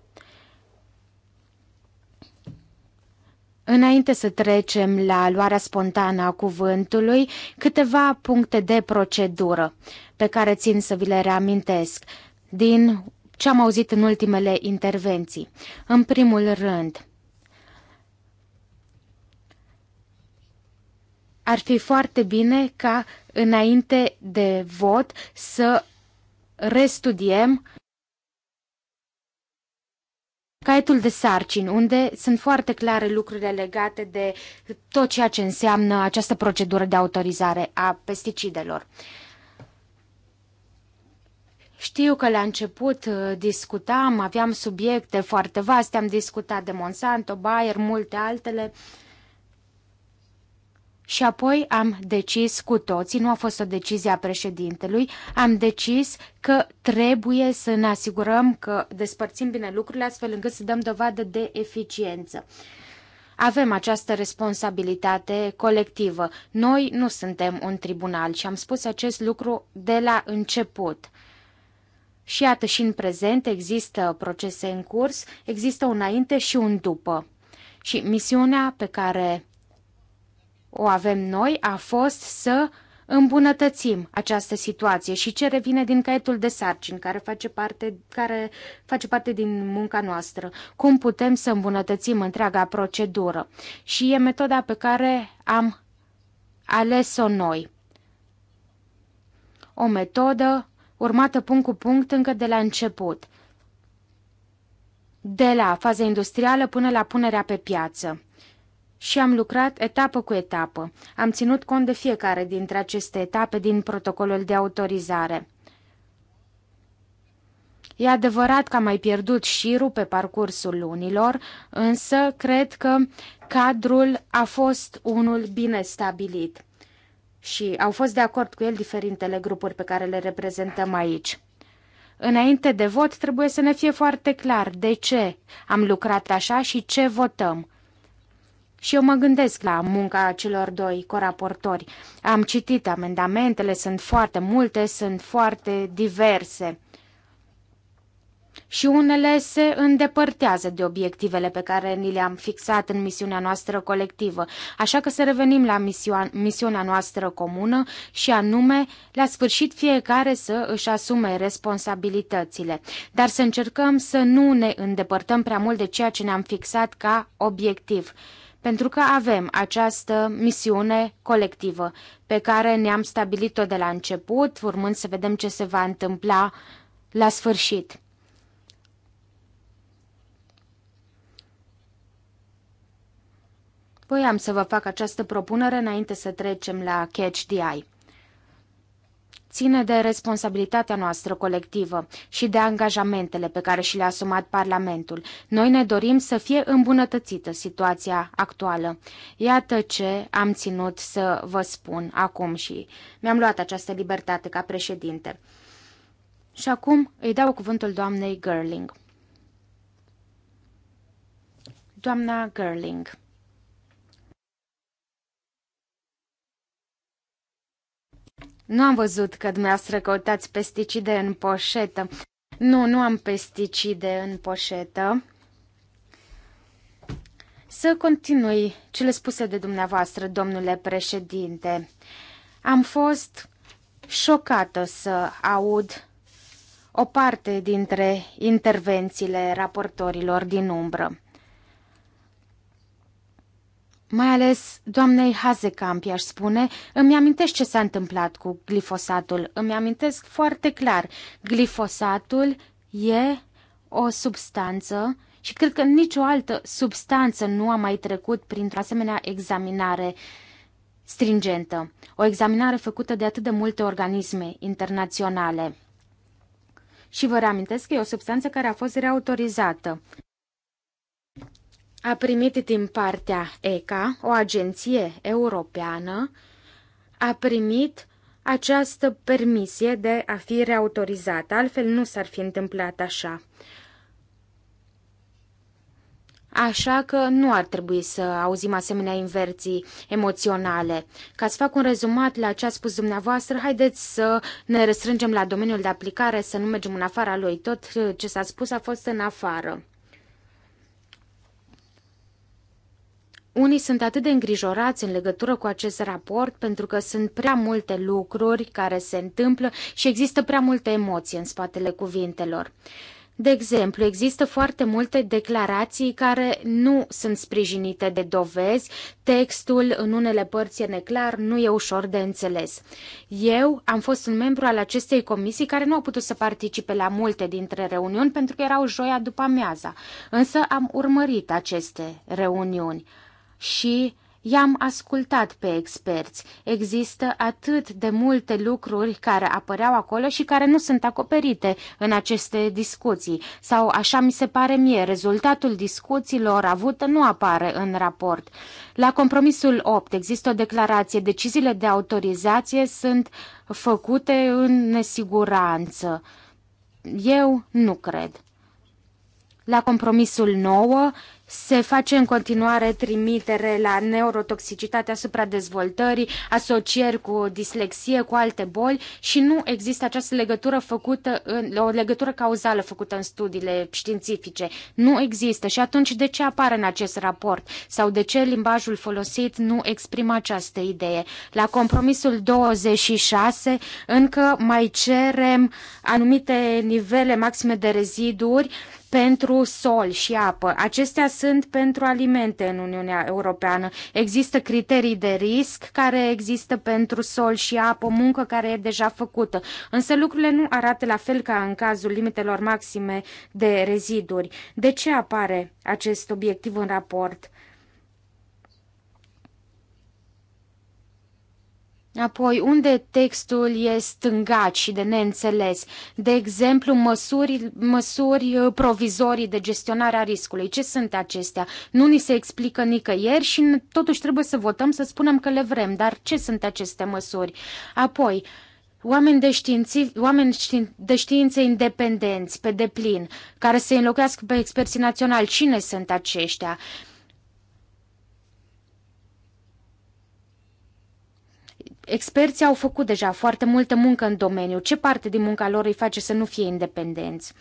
Înainte să trecem la luarea spontană a cuvântului, câteva puncte de procedură pe care țin să vi le reamintesc. Din ce am auzit în ultimele intervenții. În primul rând, ar fi foarte bine ca înainte de vot să restudiem caietul de sarcini, unde sunt foarte clare lucrurile legate de tot ceea ce înseamnă această procedură de autorizare a pesticidelor. Știu că la început uh, discutam, aveam subiecte foarte vaste, am discutat de Monsanto, Bayer, multe altele. Și apoi am decis cu toții, nu a fost o decizie a președintelui, am decis că trebuie să ne asigurăm că despărțim bine lucrurile astfel încât să dăm dovadă de eficiență. Avem această responsabilitate colectivă. Noi nu suntem un tribunal și am spus acest lucru de la început. Și iată și în prezent există procese în curs, există un înainte și un după. Și misiunea pe care o avem noi a fost să îmbunătățim această situație și ce revine din caietul de sarcini care face parte, care face parte din munca noastră. Cum putem să îmbunătățim întreaga procedură? Și e metoda pe care am ales-o noi. O metodă urmată punct cu punct încă de la început, de la faza industrială până la punerea pe piață. Și am lucrat etapă cu etapă. Am ținut cont de fiecare dintre aceste etape din protocolul de autorizare. E adevărat că am mai pierdut șirul pe parcursul lunilor, însă cred că cadrul a fost unul bine stabilit și au fost de acord cu el diferitele grupuri pe care le reprezentăm aici. Înainte de vot trebuie să ne fie foarte clar de ce am lucrat așa și ce votăm. Și eu mă gândesc la munca celor doi coraportori. Am citit amendamentele, sunt foarte multe, sunt foarte diverse și unele se îndepărtează de obiectivele pe care ni le-am fixat în misiunea noastră colectivă. Așa că să revenim la misiunea noastră comună și anume, la sfârșit fiecare să își asume responsabilitățile, dar să încercăm să nu ne îndepărtăm prea mult de ceea ce ne-am fixat ca obiectiv pentru că avem această misiune colectivă pe care ne-am stabilit-o de la început, urmând să vedem ce se va întâmpla la sfârșit. Voiam să vă fac această propunere înainte să trecem la Catch the Eye. Ține de responsabilitatea noastră colectivă și de angajamentele pe care și le-a asumat Parlamentul. Noi ne dorim să fie îmbunătățită situația actuală. Iată ce am ținut să vă spun acum și mi-am luat această libertate ca președinte. Și acum îi dau cuvântul doamnei Gerling. Doamna Gerling. Nu am văzut că dumneavoastră căutați pesticide în poșetă. Nu, nu am pesticide în poșetă. Să continui cele spuse de dumneavoastră, domnule președinte. Am fost șocată să aud o parte dintre intervențiile raportorilor din umbră. Mai ales doamnei Hazekamp, i-aș spune, îmi amintesc ce s-a întâmplat cu glifosatul. Îmi amintesc foarte clar. Glifosatul e o substanță și cred că nicio altă substanță nu a mai trecut printr-o asemenea examinare stringentă. O examinare făcută de atât de multe organisme internaționale. Și vă reamintesc că e o substanță care a fost reautorizată a primit din partea ECA, o agenție europeană, a primit această permisie de a fi reautorizată, altfel nu s-ar fi întâmplat așa. Așa că nu ar trebui să auzim asemenea inverții emoționale. Ca să fac un rezumat la ce a spus dumneavoastră, haideți să ne restrângem la domeniul de aplicare, să nu mergem în afara lui. Tot ce s-a spus a fost în afară. Unii sunt atât de îngrijorați în legătură cu acest raport pentru că sunt prea multe lucruri care se întâmplă și există prea multe emoții în spatele cuvintelor. De exemplu, există foarte multe declarații care nu sunt sprijinite de dovezi, textul în unele părți e neclar, nu e ușor de înțeles. Eu am fost un membru al acestei comisii care nu a putut să participe la multe dintre reuniuni pentru că erau joia după amiaza, însă am urmărit aceste reuniuni și i-am ascultat pe experți. Există atât de multe lucruri care apăreau acolo și care nu sunt acoperite în aceste discuții. Sau așa mi se pare mie, rezultatul discuțiilor avută nu apare în raport. La compromisul 8 există o declarație, deciziile de autorizație sunt făcute în nesiguranță. Eu nu cred. La compromisul 9 se face în continuare trimitere la neurotoxicitate asupra dezvoltării, asocieri cu dislexie, cu alte boli și nu există această legătură făcută, în, o legătură cauzală făcută în studiile științifice. Nu există și atunci de ce apare în acest raport sau de ce limbajul folosit nu exprimă această idee. La compromisul 26 încă mai cerem anumite nivele maxime de reziduri pentru sol și apă. Acestea sunt pentru alimente în Uniunea Europeană. Există criterii de risc care există pentru sol și apă, muncă care e deja făcută. Însă lucrurile nu arată la fel ca în cazul limitelor maxime de reziduri. De ce apare acest obiectiv în raport? Apoi, unde textul e stângat și de neînțeles? De exemplu, măsuri, măsuri uh, provizorii de gestionare a riscului. Ce sunt acestea? Nu ni se explică nicăieri și totuși trebuie să votăm să spunem că le vrem. Dar ce sunt aceste măsuri? Apoi, oameni de, științi, oameni de științe independenți, pe deplin, care se înlocuiască pe experții naționali. Cine sunt aceștia? Uh, experții au făcut deja foarte multă muncă în domeniu. Ce parte din munca lor îi face să nu fie independenți?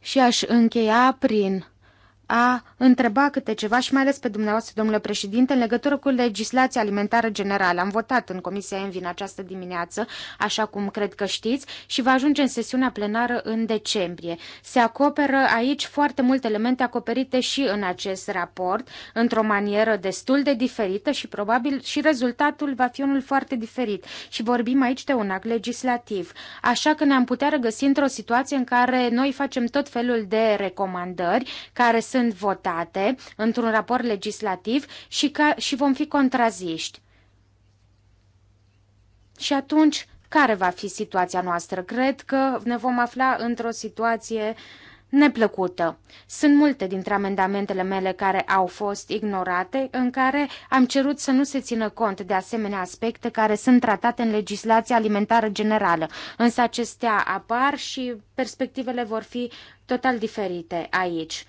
Și aș încheia prin a întreba câte ceva și mai ales pe dumneavoastră, domnule președinte, în legătură cu legislația alimentară generală. Am votat în Comisia Envi în această dimineață, așa cum cred că știți, și va ajunge în sesiunea plenară în decembrie. Se acoperă aici foarte multe elemente acoperite și în acest raport, într-o manieră destul de diferită și probabil și rezultatul va fi unul foarte diferit. Și vorbim aici de un act legislativ. Așa că ne-am putea regăsi într-o situație în care noi facem tot felul de recomandări care sunt sunt votate într-un raport legislativ și, că și vom fi contraziști. Și atunci, care va fi situația noastră? Cred că ne vom afla într-o situație neplăcută. Sunt multe dintre amendamentele mele care au fost ignorate, în care am cerut să nu se țină cont de asemenea aspecte care sunt tratate în legislația alimentară generală, însă acestea apar și perspectivele vor fi total diferite aici.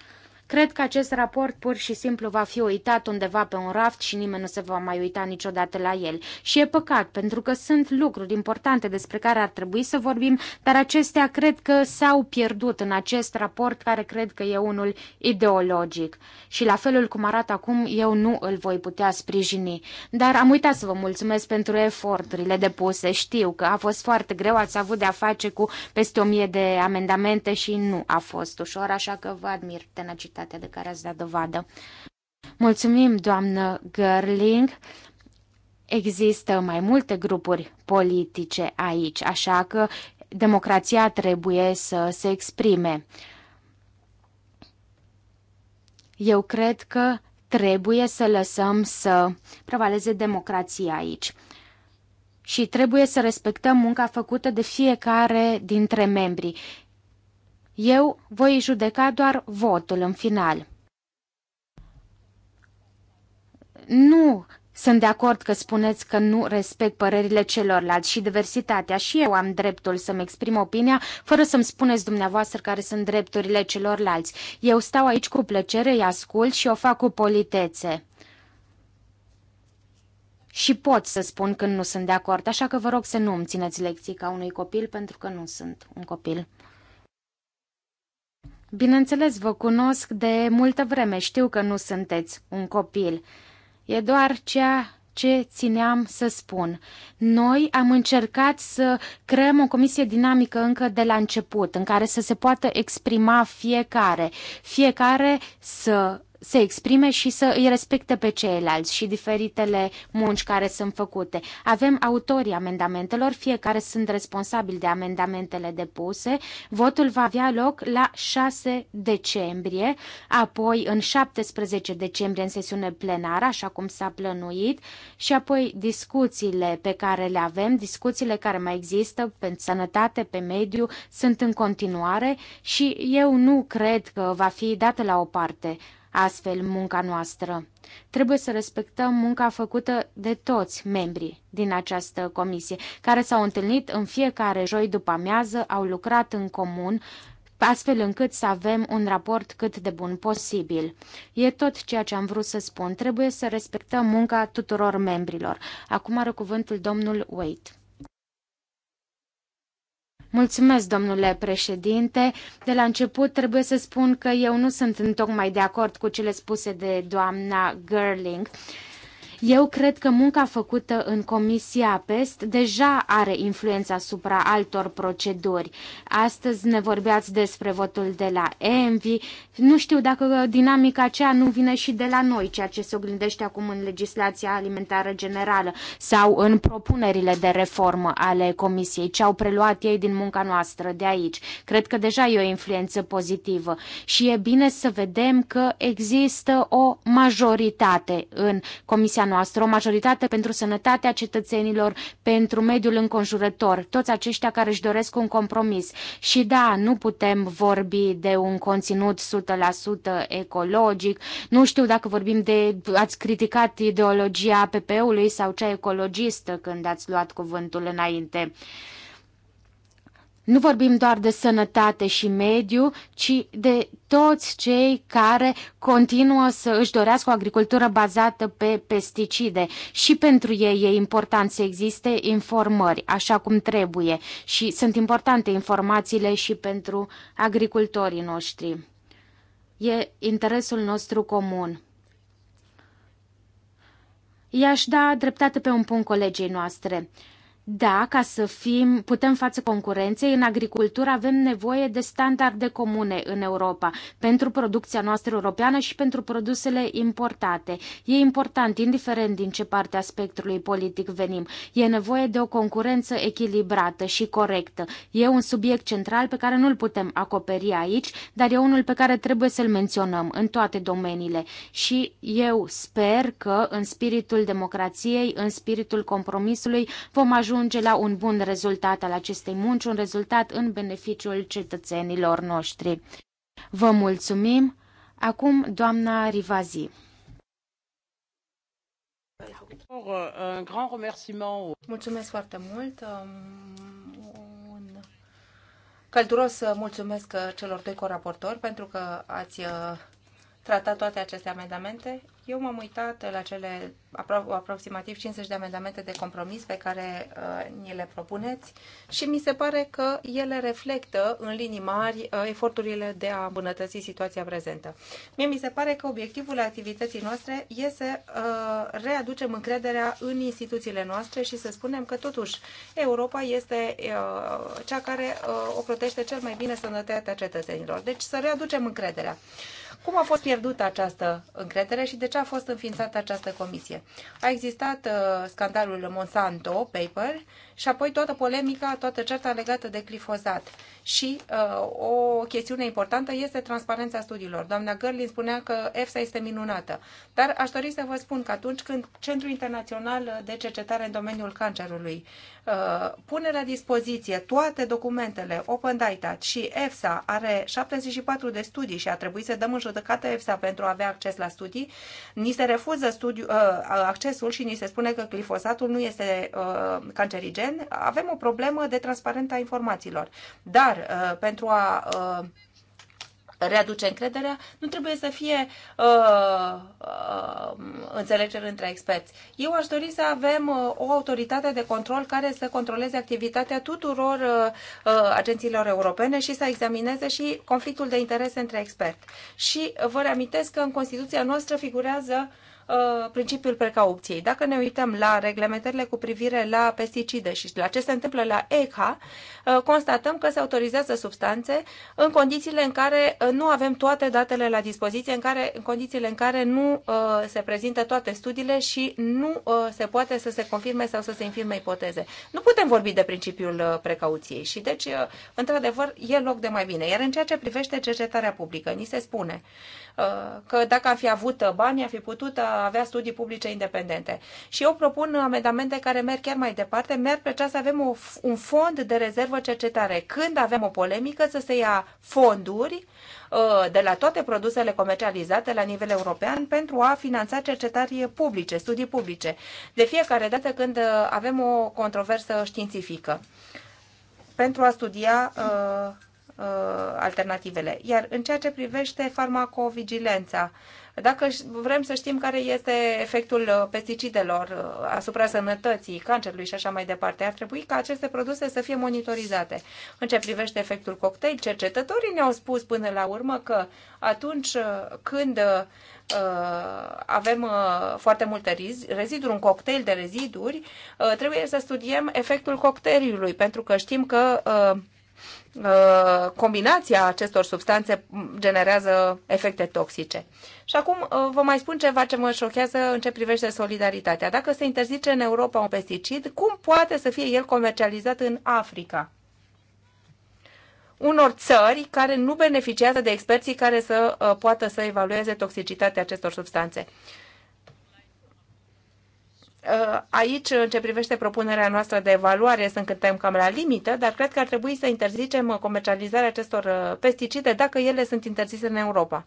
Cred că acest raport pur și simplu va fi uitat undeva pe un raft și nimeni nu se va mai uita niciodată la el. Și e păcat, pentru că sunt lucruri importante despre care ar trebui să vorbim, dar acestea cred că s-au pierdut în acest raport care cred că e unul ideologic. Și la felul cum arată acum, eu nu îl voi putea sprijini. Dar am uitat să vă mulțumesc pentru eforturile depuse. Știu că a fost foarte greu, ați avut de-a face cu peste o mie de amendamente și nu a fost ușor, așa că vă admir tenacitatea flexibilitatea de care ați dat dovadă. Mulțumim, doamnă Gerling. Există mai multe grupuri politice aici, așa că democrația trebuie să se exprime. Eu cred că trebuie să lăsăm să prevaleze democrația aici. Și trebuie să respectăm munca făcută de fiecare dintre membrii. Eu voi judeca doar votul în final. Nu sunt de acord că spuneți că nu respect părerile celorlalți și diversitatea și eu am dreptul să-mi exprim opinia fără să-mi spuneți dumneavoastră care sunt drepturile celorlalți. Eu stau aici cu plăcere, îi ascult și o fac cu politețe. Și pot să spun când nu sunt de acord, așa că vă rog să nu îmi țineți lecții ca unui copil pentru că nu sunt un copil. Bineînțeles, vă cunosc de multă vreme, știu că nu sunteți un copil. E doar ceea ce țineam să spun. Noi am încercat să creăm o comisie dinamică încă de la început, în care să se poată exprima fiecare, fiecare să se exprime și să îi respecte pe ceilalți și diferitele munci care sunt făcute. Avem autorii amendamentelor, fiecare sunt responsabili de amendamentele depuse. Votul va avea loc la 6 decembrie, apoi în 17 decembrie în sesiune plenară, așa cum s-a plănuit, și apoi discuțiile pe care le avem, discuțiile care mai există pe sănătate, pe mediu, sunt în continuare și eu nu cred că va fi dată la o parte astfel munca noastră. Trebuie să respectăm munca făcută de toți membrii din această comisie, care s-au întâlnit în fiecare joi după amiază, au lucrat în comun, astfel încât să avem un raport cât de bun posibil. E tot ceea ce am vrut să spun. Trebuie să respectăm munca tuturor membrilor. Acum are cuvântul domnul Wade. Mulțumesc, domnule președinte. De la început trebuie să spun că eu nu sunt întocmai de acord cu cele spuse de doamna Gerling. Eu cred că munca făcută în Comisia PEST deja are influența asupra altor proceduri. Astăzi ne vorbeați despre votul de la ENVI. Nu știu dacă dinamica aceea nu vine și de la noi, ceea ce se oglindește acum în legislația alimentară generală sau în propunerile de reformă ale Comisiei, ce au preluat ei din munca noastră de aici. Cred că deja e o influență pozitivă și e bine să vedem că există o majoritate în Comisia noastră, o majoritate pentru sănătatea cetățenilor, pentru mediul înconjurător, toți aceștia care își doresc un compromis. Și da, nu putem vorbi de un conținut 100% ecologic, nu știu dacă vorbim de, ați criticat ideologia PP-ului sau cea ecologistă când ați luat cuvântul înainte. Uh, nu vorbim doar de sănătate și mediu, ci de toți cei care continuă să își dorească o agricultură bazată pe pesticide. Și pentru ei e important să existe informări, așa cum trebuie. Și sunt importante informațiile și pentru agricultorii noștri. E interesul nostru comun. I-aș da dreptate pe un punct colegii noastre. Da, ca să fim, putem face concurenței, în agricultură avem nevoie de standarde comune în Europa pentru producția noastră europeană și pentru produsele importate. E important, indiferent din ce parte a spectrului politic venim. E nevoie de o concurență echilibrată și corectă. E un subiect central pe care nu-l putem acoperi aici, dar e unul pe care trebuie să-l menționăm în toate domeniile. Și eu sper că, în spiritul democrației, în spiritul compromisului, vom ajunge ajunge la un bun rezultat al acestei munci, un rezultat în beneficiul cetățenilor noștri. Vă mulțumim! Acum, doamna Rivazi. Euh, mulțumesc foarte mult! Um, un călduros uh, mulțumesc uh, celor doi coraportori pentru că ați uh, tratat toate aceste amendamente. Eu m-am uitat la cele apro aproximativ 50 de amendamente de compromis pe care uh, ni le propuneți și mi se pare că ele reflectă în linii mari uh, eforturile de a îmbunătăți situația prezentă. Mie mi se pare că obiectivul activității noastre este să uh, readucem încrederea în instituțiile noastre și să spunem că totuși Europa este cea care o protește cel mai bine sănătatea cetățenilor. Deci să readucem încrederea. Cum a fost pierdută această încredere și de ce a fost înființată această comisie? A existat uh, scandalul Monsanto Paper și apoi toată polemica, toată certa legată de glifozat. Și uh, o chestiune importantă este transparența studiilor. Doamna Gărlin spunea că EFSA este minunată. Dar aș dori să vă spun că atunci când Centrul Internațional de Cercetare în domeniul cancerului uh, pune la dispoziție toate documentele Open Data și EFSA are 74 de studii și a trebuit să dăm în judecată EFSA pentru a avea acces la studii, ni se refuză studiu, uh, accesul și ni se spune că glifosatul nu este uh, cancerigen, avem o problemă de transparentă a informațiilor. Dar uh, pentru a uh, readuce încrederea, nu trebuie să fie uh, uh, înțelegeri între experți. Eu aș dori să avem uh, o autoritate de control care să controleze activitatea tuturor uh, uh, agențiilor europene și să examineze și conflictul de interese între experți. Și vă reamintesc că în Constituția noastră figurează uh, Uh, principiul precauției. Dacă ne uităm la reglementările cu privire la pesticide și la ce se întâmplă la ECHA, uh, constatăm că se autorizează substanțe în condițiile în care uh, nu avem toate datele la dispoziție, în, care, în condițiile în care nu se prezintă toate studiile și nu se poate să se confirme sau să se infirme ipoteze. Nu putem vorbi de principiul precauției și deci, într-adevăr, e loc de mai bine. Iar în ceea ce privește cercetarea publică, ni se spune Uh, că dacă am fi avut bani, am fi putut uh, avea studii publice independente. Și eu propun amendamente care merg chiar mai departe, merg pe plăcea să avem o, un fond de rezervă cercetare. Când avem o polemică, să se ia fonduri uh, de la toate produsele comercializate la nivel european pentru a finanța cercetări publice, studii publice, de fiecare dată când avem o controversă științifică pentru a studia uh, Uh, alternativele. Iar în ceea ce privește farmacovigilența, dacă vrem să știm care este efectul uh, pesticidelor uh, asupra sănătății, cancerului și așa mai departe, ar trebui ca aceste produse să fie monitorizate. În ce privește efectul cocktail, cercetătorii ne-au spus până la urmă că atunci când avem foarte multe reziduri, un cocktail de reziduri, trebuie să studiem efectul cocktailului, pentru că știm că Uh, combinația acestor substanțe generează efecte toxice. Și acum uh, vă mai spun ceva ce mă șochează în ce privește solidaritatea. Dacă se interzice în Europa un pesticid, cum poate să fie el comercializat în Africa? unor țări care nu beneficiază de experții care să uh, poată să evalueze toxicitatea acestor substanțe. Uh, Uh, aici, în ce privește propunerea noastră de evaluare, suntem cam la limită, dar cred că ar trebui să interzicem uh, comercializarea acestor uh, pesticide dacă ele sunt interzise în Europa.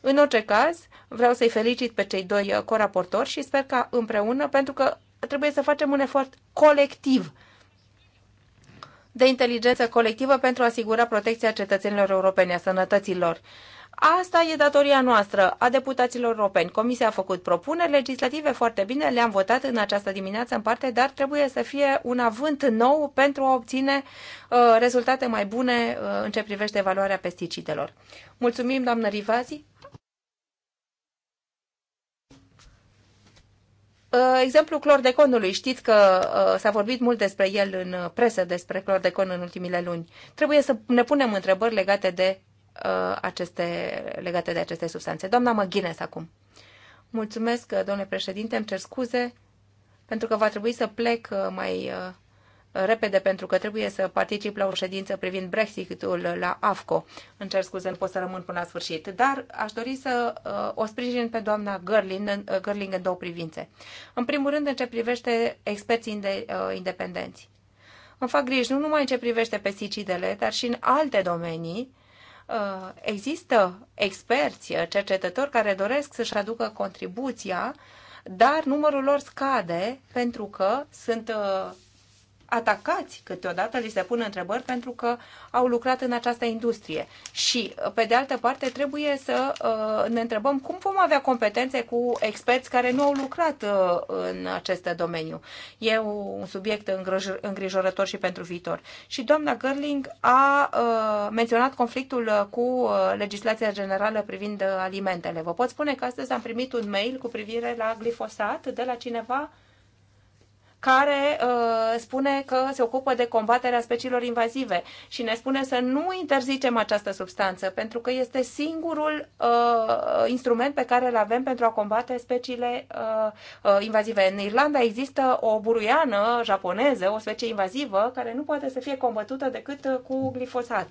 În orice caz, vreau să-i felicit pe cei doi coraportori și sper că împreună, pentru că trebuie să facem un efort colectiv de inteligență colectivă pentru a asigura protecția cetățenilor europene, a sănătăților. Asta e datoria noastră a deputaților europeni. Comisia a făcut propuneri legislative foarte bine, le-am votat în această dimineață în parte, dar trebuie să fie un avânt nou pentru a obține uh, rezultate mai bune uh, în ce privește evaluarea pesticidelor. Mulțumim, doamnă Rivazi. Uh, exemplu clordeconului, știți că uh, s-a vorbit mult despre el în presă, despre clordecon în ultimile luni. Trebuie să ne punem întrebări legate de Uh, aceste, legate de aceste substanțe. Doamna Măghines, acum. Mulțumesc, uh, domnule președinte, îmi cer scuze pentru că va trebui să plec uh, mai repede pentru că trebuie să particip la o ședință privind Brexitul la AFCO. Îmi cer scuze, nu pot să rămân până la sfârșit, dar aș dori să o sprijin pe doamna Gerling, Gerling în două privințe. În primul rând, în ce privește experții independenți. Îmi fac griji nu numai în ce privește pesticidele, dar și în alte domenii Uh, există experți, uh, cercetători care doresc să-și aducă contribuția, dar numărul lor scade pentru că sunt uh, atacați câteodată, li se pun întrebări pentru că au lucrat în această industrie. Și, pe de altă parte, trebuie să uh, ne întrebăm cum vom avea competențe cu experți care nu au lucrat uh, în acest domeniu. E un subiect îngrijorător și pentru viitor. Și doamna Gerling a uh, menționat conflictul cu legislația generală privind alimentele. Vă pot spune că astăzi am primit un mail cu privire la glifosat de la cineva care uh, spune că se ocupă de combaterea speciilor invazive și ne spune să nu interzicem această substanță, pentru că este singurul uh, instrument pe care îl avem pentru a combate speciile uh, uh invazive. În Irlanda există o buruiană japoneză, o specie invazivă, care nu poate să fie combătută decât uh, cu glifosat.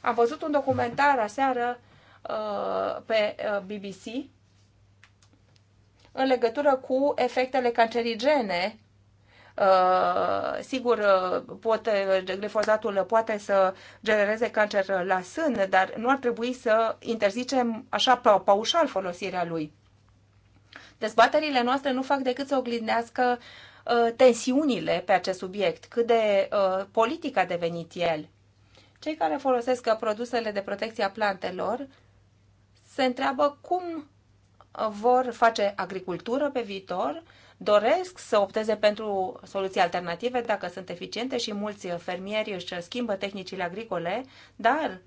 Am văzut un documentar aseară uh, pe uh, BBC în legătură cu efectele cancerigene Uh, sigur, uh, poate, uh, glifozatul poate să genereze cancer la sân, dar nu ar trebui să interzicem așa paușal folosirea lui. Dezbaterile noastre nu fac decât să oglindească tensiunile pe acest subiect, cât de politic a devenit el. Cei care folosesc produsele de protecție a plantelor se întreabă cum vor face agricultură pe viitor doresc să opteze pentru soluții alternative dacă sunt eficiente și mulți fermieri își schimbă tehnicile agricole, dar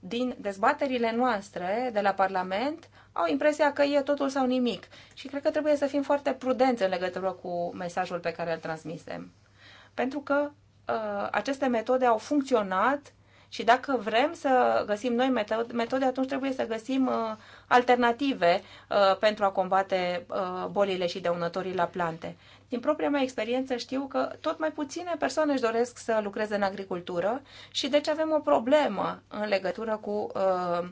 din dezbaterile noastre de la Parlament au impresia că e totul sau nimic și cred că trebuie să fim foarte prudenți în legătură cu mesajul pe care îl transmitem. Pentru că uh, aceste metode au funcționat și dacă vrem să găsim noi metode, atunci trebuie să găsim uh, alternative uh, pentru a combate uh, bolile și dăunătorii la plante. Din propria mea experiență știu că tot mai puține persoane își doresc să lucreze în agricultură și deci avem o problemă în legătură cu uh,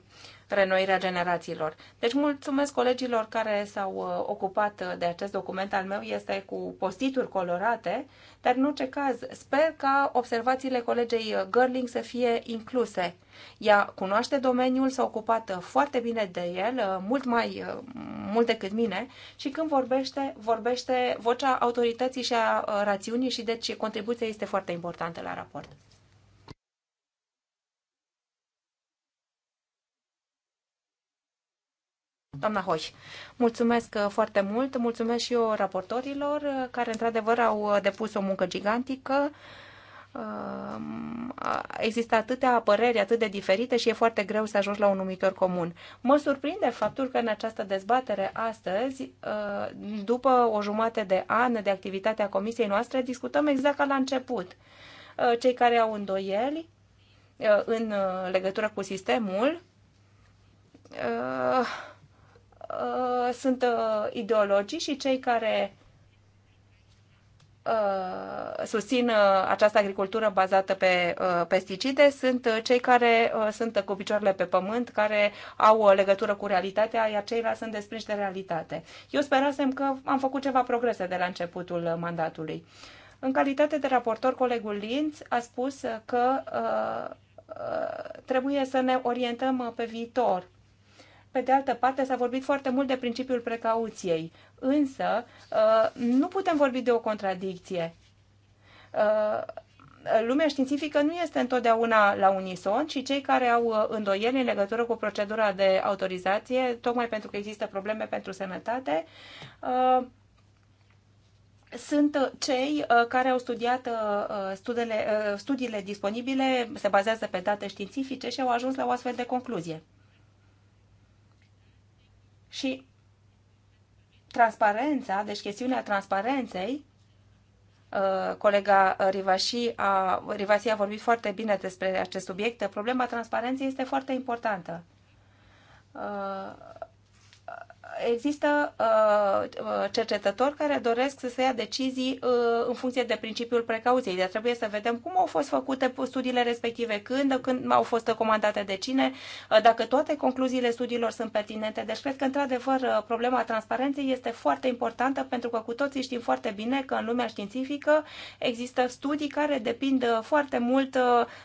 renoirea generațiilor. Deci mulțumesc colegilor care s-au uh, ocupat uh, de acest document al meu, este cu postituri colorate, dar în orice caz sper ca observațiile colegei uh, Gerling să fie incluse. Ea cunoaște domeniul, s-a ocupat foarte bine de el, mult mai mult decât mine și când vorbește, vorbește vocea autorității și a rațiunii și deci contribuția este foarte importantă la raport. Doamna Hoș, mulțumesc uh, foarte mult, mulțumesc și eu raportorilor uh, care într-adevăr au uh, depus o muncă gigantică. Există atâtea păreri atât de diferite și e foarte greu să ajungi la un numitor comun. Mă surprinde faptul că în această dezbatere astăzi, după o jumătate de an de activitate a comisiei noastre, discutăm exact ca la început. Cei care au îndoieli în legătură cu sistemul, Uh, sunt uh, ideologii și cei care uh, susțin uh, această agricultură bazată pe uh, pesticide sunt uh, cei care uh, sunt cu picioarele pe pământ, care au o uh, legătură cu realitatea, iar ceilalți sunt desprinși de realitate. Eu sperasem că am făcut ceva progrese de la începutul uh, mandatului. În calitate de raportor, colegul Linț a spus că uh, trebuie să ne orientăm pe viitor. Pe de altă parte, s-a vorbit foarte mult de principiul precauției, însă uh, nu putem vorbi de o contradicție uh, lumea științifică nu este întotdeauna la unison și cei care au uh, îndoieli în legătură cu procedura de autorizație, tocmai pentru că există probleme pentru sănătate, sunt cei care au studiat studiile, studiile disponibile, se bazează pe date științifice și au ajuns la o astfel de concluzie. Și transparența, deci chestiunea transparenței, uh, colega Rivasi a, Rivasi a vorbit foarte bine despre acest subiect. Problema transparenței este foarte importantă. Uh, există uh, uh, cercetători care doresc să se ia decizii uh, în funcție de principiul precauției, dar trebuie să vedem cum au fost făcute studiile respective, când, când au fost comandate de cine, dacă toate concluziile studiilor sunt pertinente. Deci cred că, într-adevăr, problema transparenței este foarte importantă pentru că cu toții știm foarte bine că în lumea științifică există studii care depind foarte mult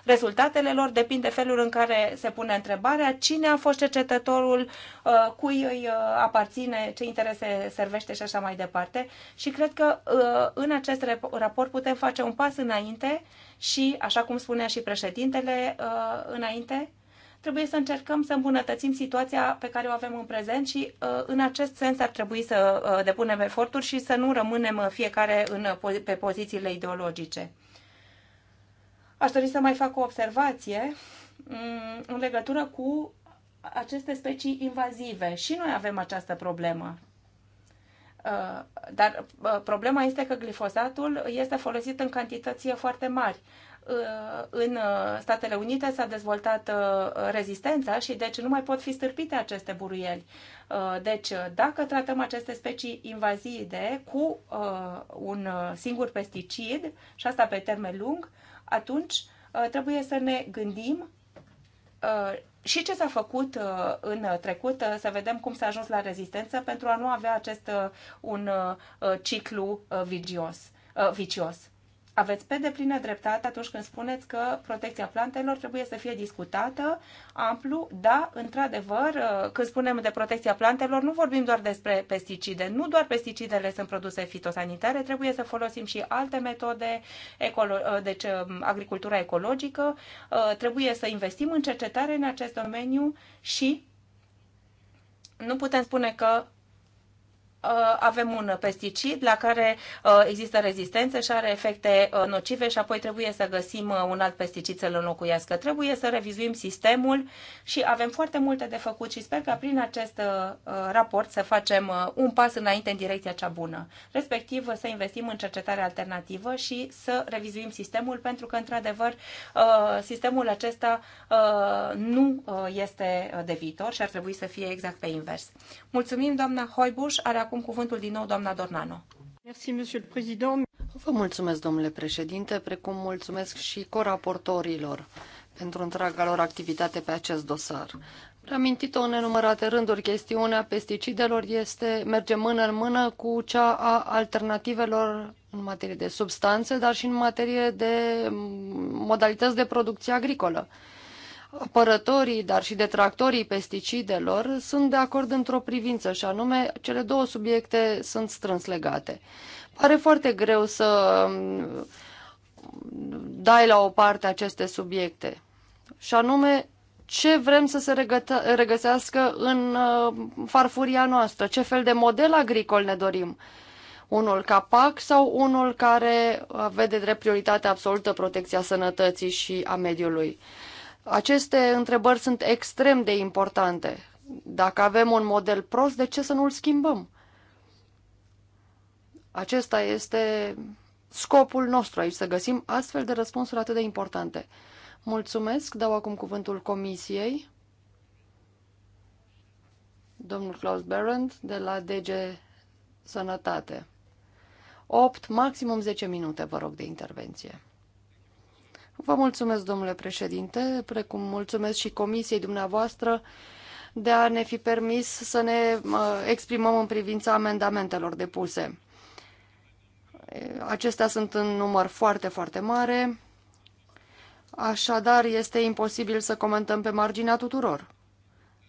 rezultatele lor, depind de felul în care se pune întrebarea cine a fost cercetătorul, cui îi apare aparține, ce interese servește și așa mai departe. Și cred că uh, în acest raport putem face un pas înainte și, așa cum spunea și președintele uh, înainte, trebuie să încercăm să îmbunătățim situația pe care o avem în prezent și uh, în acest sens ar trebui să depunem eforturi și să nu rămânem fiecare în, pe pozițiile ideologice. Aș dori să mai fac o observație mm, în legătură cu aceste specii invazive. Și noi avem această problemă. Uh, dar uh, problema este că glifosatul este folosit în cantități foarte mari. Uh, în Statele Unite s-a dezvoltat rezistența și deci nu mai pot fi stârpite aceste buruieli. Deci, dacă tratăm aceste specii invazive cu un singur pesticid, și asta pe termen lung, atunci trebuie să ne gândim și ce s-a făcut uh, în trecut, uh, să vedem cum s-a ajuns la rezistență pentru a nu avea acest uh, un ciclu vigios, vicios aveți pe deplină dreptate atunci când spuneți că protecția plantelor trebuie să fie discutată amplu. Da, într-adevăr, uh, când spunem de protecția plantelor, nu vorbim doar despre pesticide. Nu doar pesticidele sunt produse fitosanitare, trebuie să folosim și alte metode, ecolo- uh, deci um, agricultura ecologică. Uh, trebuie să investim în cercetare în acest domeniu și nu putem spune că Uh, avem un pesticid la care uh, există rezistență și are efecte uh, nocive și apoi trebuie să găsim un alt pesticid să-l înlocuiască. Trebuie să revizuim sistemul și avem foarte multe de făcut și sper că prin acest raport să facem un pas înainte în direcția cea bună, respectiv să investim în cercetare alternativă și să revizuim sistemul pentru că, într-adevăr, sistemul acesta nu este de viitor și ar trebui să fie exact pe invers. Mulțumim, doamna Hoibuș, are acum cuvântul din nou doamna Dornano. Merci, monsieur le président. Vă mulțumesc, domnule președinte, precum mulțumesc și coraportorilor pentru întreaga lor activitate pe acest dosar. Reamintit-o în nenumărate rânduri, chestiunea pesticidelor este, merge mână în mână cu cea a alternativelor în materie de substanțe, dar și în materie de modalități de producție agricolă. Apărătorii, dar și detractorii pesticidelor sunt de acord într-o privință, și anume cele două subiecte sunt strâns legate. Pare foarte greu să um, dai la o parte aceste subiecte, și anume ce vrem să se regăsească în uh, farfuria noastră, ce fel de model agricol ne dorim unul ca PAC sau unul care vede drept prioritate absolută protecția sănătății și a mediului. Aceste întrebări sunt extrem de importante. Dacă avem un model prost, de ce să nu-l schimbăm? Acesta este scopul nostru aici, să găsim astfel de răspunsuri atât de importante. Mulțumesc, dau acum cuvântul Comisiei. Domnul Klaus Berend de la DG Sănătate. 8, maximum 10 minute, vă rog, de intervenție. Vă mulțumesc, domnule președinte, precum mulțumesc și comisiei dumneavoastră de a ne fi permis să ne exprimăm în privința amendamentelor depuse. Acestea sunt în număr foarte, foarte mare, așadar este imposibil să comentăm pe marginea tuturor,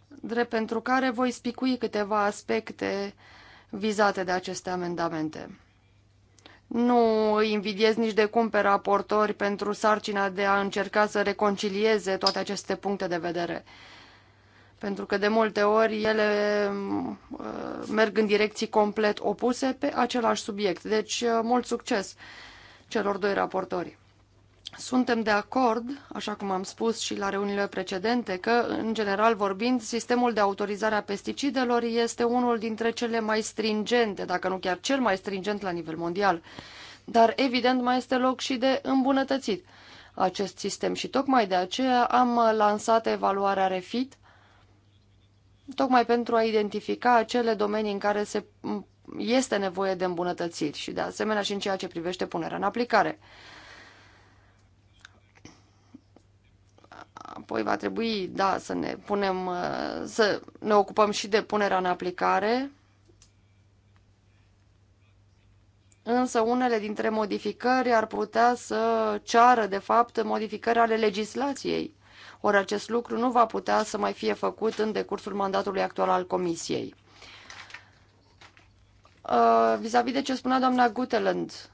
drept pentru care voi spicui câteva aspecte vizate de aceste amendamente. Nu îi invidiez nici de cum pe raportori pentru sarcina de a încerca să reconcilieze toate aceste puncte de vedere. Pentru că de multe ori ele mm, uh, merg în direcții complet opuse pe același subiect. Deci, uh, mult succes celor doi raportori. Suntem de acord, așa cum am spus și la reuniile precedente, că, în general vorbind, sistemul de autorizare a pesticidelor este unul dintre cele mai stringente, dacă nu chiar cel mai stringent la nivel mondial. Dar, evident, mai este loc și de îmbunătățit acest sistem și tocmai de aceea am lansat evaluarea REFIT, tocmai pentru a identifica acele domenii în care se, este nevoie de îmbunătățiri și, de asemenea, și în ceea ce privește punerea în aplicare. Apoi va trebui, da, să ne punem, uh, să ne ocupăm și de punerea în aplicare. Însă unele dintre modificări ar putea să ceară, de fapt, modificări ale legislației. Ori acest lucru nu va putea să mai fie făcut în decursul mandatului actual al Comisiei. Uh, vis-a-vis -vis de ce spunea doamna Guteland,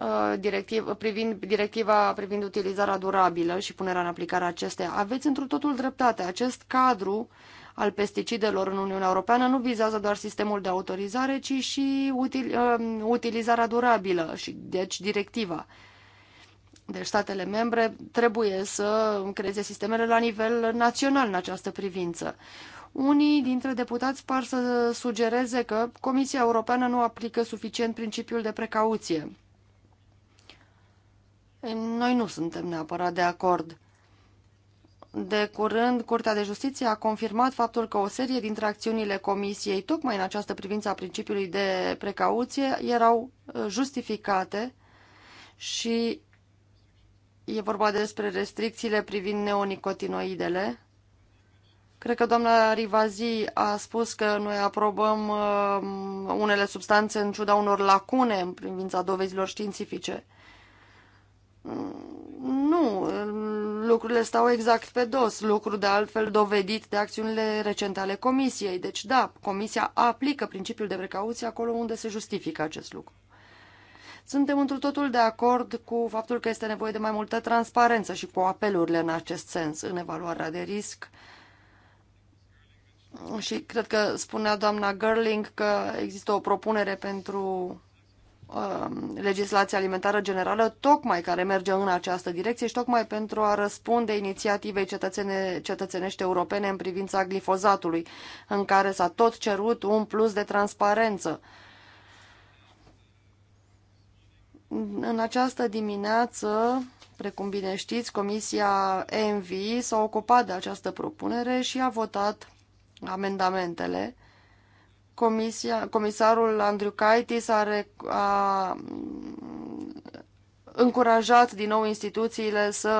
Uh, privind directiva privind utilizarea durabilă și punerea în aplicare acesteia. Aveți întru totul dreptate. Acest cadru al pesticidelor în Uniunea Europeană nu vizează doar sistemul de autorizare, ci și util, uh, utilizarea durabilă și deci directiva. Deci statele membre trebuie să creeze sistemele la nivel național în această privință. Unii dintre deputați par să sugereze că Comisia Europeană nu aplică suficient principiul de precauție. Noi nu suntem neapărat de acord. De curând, Curtea de Justiție a confirmat faptul că o serie dintre acțiunile Comisiei, tocmai în această privință a principiului de precauție, erau uh, justificate și e vorba despre restricțiile privind neonicotinoidele. Cred că doamna Rivazi a spus că noi aprobăm uh, unele substanțe în ciuda unor lacune în privința dovezilor științifice. Nu, lucrurile stau exact pe dos, lucru de altfel dovedit de acțiunile recente ale Comisiei. Deci da, Comisia aplică principiul de precauție acolo unde se justifică acest lucru. Suntem într totul de acord cu faptul că este nevoie de mai multă transparență și cu apelurile în acest sens în evaluarea de risc. Și cred că spunea doamna Gerling că există o propunere pentru Um, legislația alimentară generală, tocmai care merge în această direcție și tocmai pentru a răspunde inițiativei cetățene, cetățenești europene în privința glifozatului, în care s-a tot cerut un plus de transparență. În această dimineață, precum bine știți, Comisia ENVI s-a ocupat de această propunere și a votat amendamentele Comisia, comisarul Andriukaitis a, a mm, încurajat din nou instituțiile să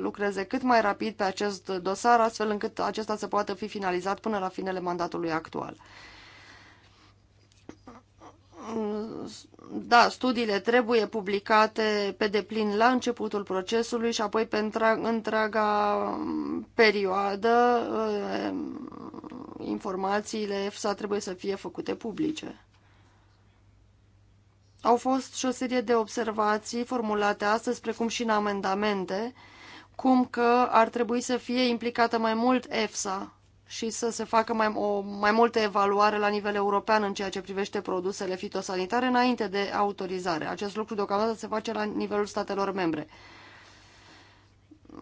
lucreze cât mai rapid pe acest dosar, astfel încât acesta să poată fi finalizat până la finele mandatului actual. Da, studiile trebuie publicate pe deplin la începutul procesului și apoi pe întreaga perioadă informațiile EFSA trebuie să fie făcute publice. Au fost și o serie de observații formulate astăzi, precum și în amendamente, cum că ar trebui să fie implicată mai mult EFSA și să se facă mai, o mai multă evaluare la nivel european în ceea ce privește produsele fitosanitare înainte de autorizare. Acest lucru deocamdată se face la nivelul statelor membre.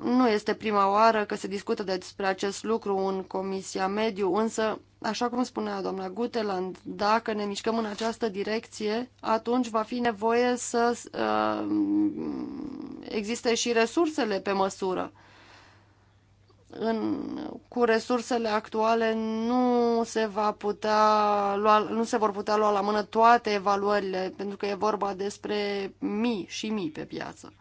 Nu este prima oară că se discută despre acest lucru în Comisia Mediu, însă, așa cum spunea doamna Guteland, dacă ne mișcăm în această direcție, atunci va fi nevoie să uh, existe și resursele pe măsură. În, cu resursele actuale nu se, va putea lua, nu se vor putea lua la mână toate evaluările, pentru că e vorba despre mii și mii pe piață.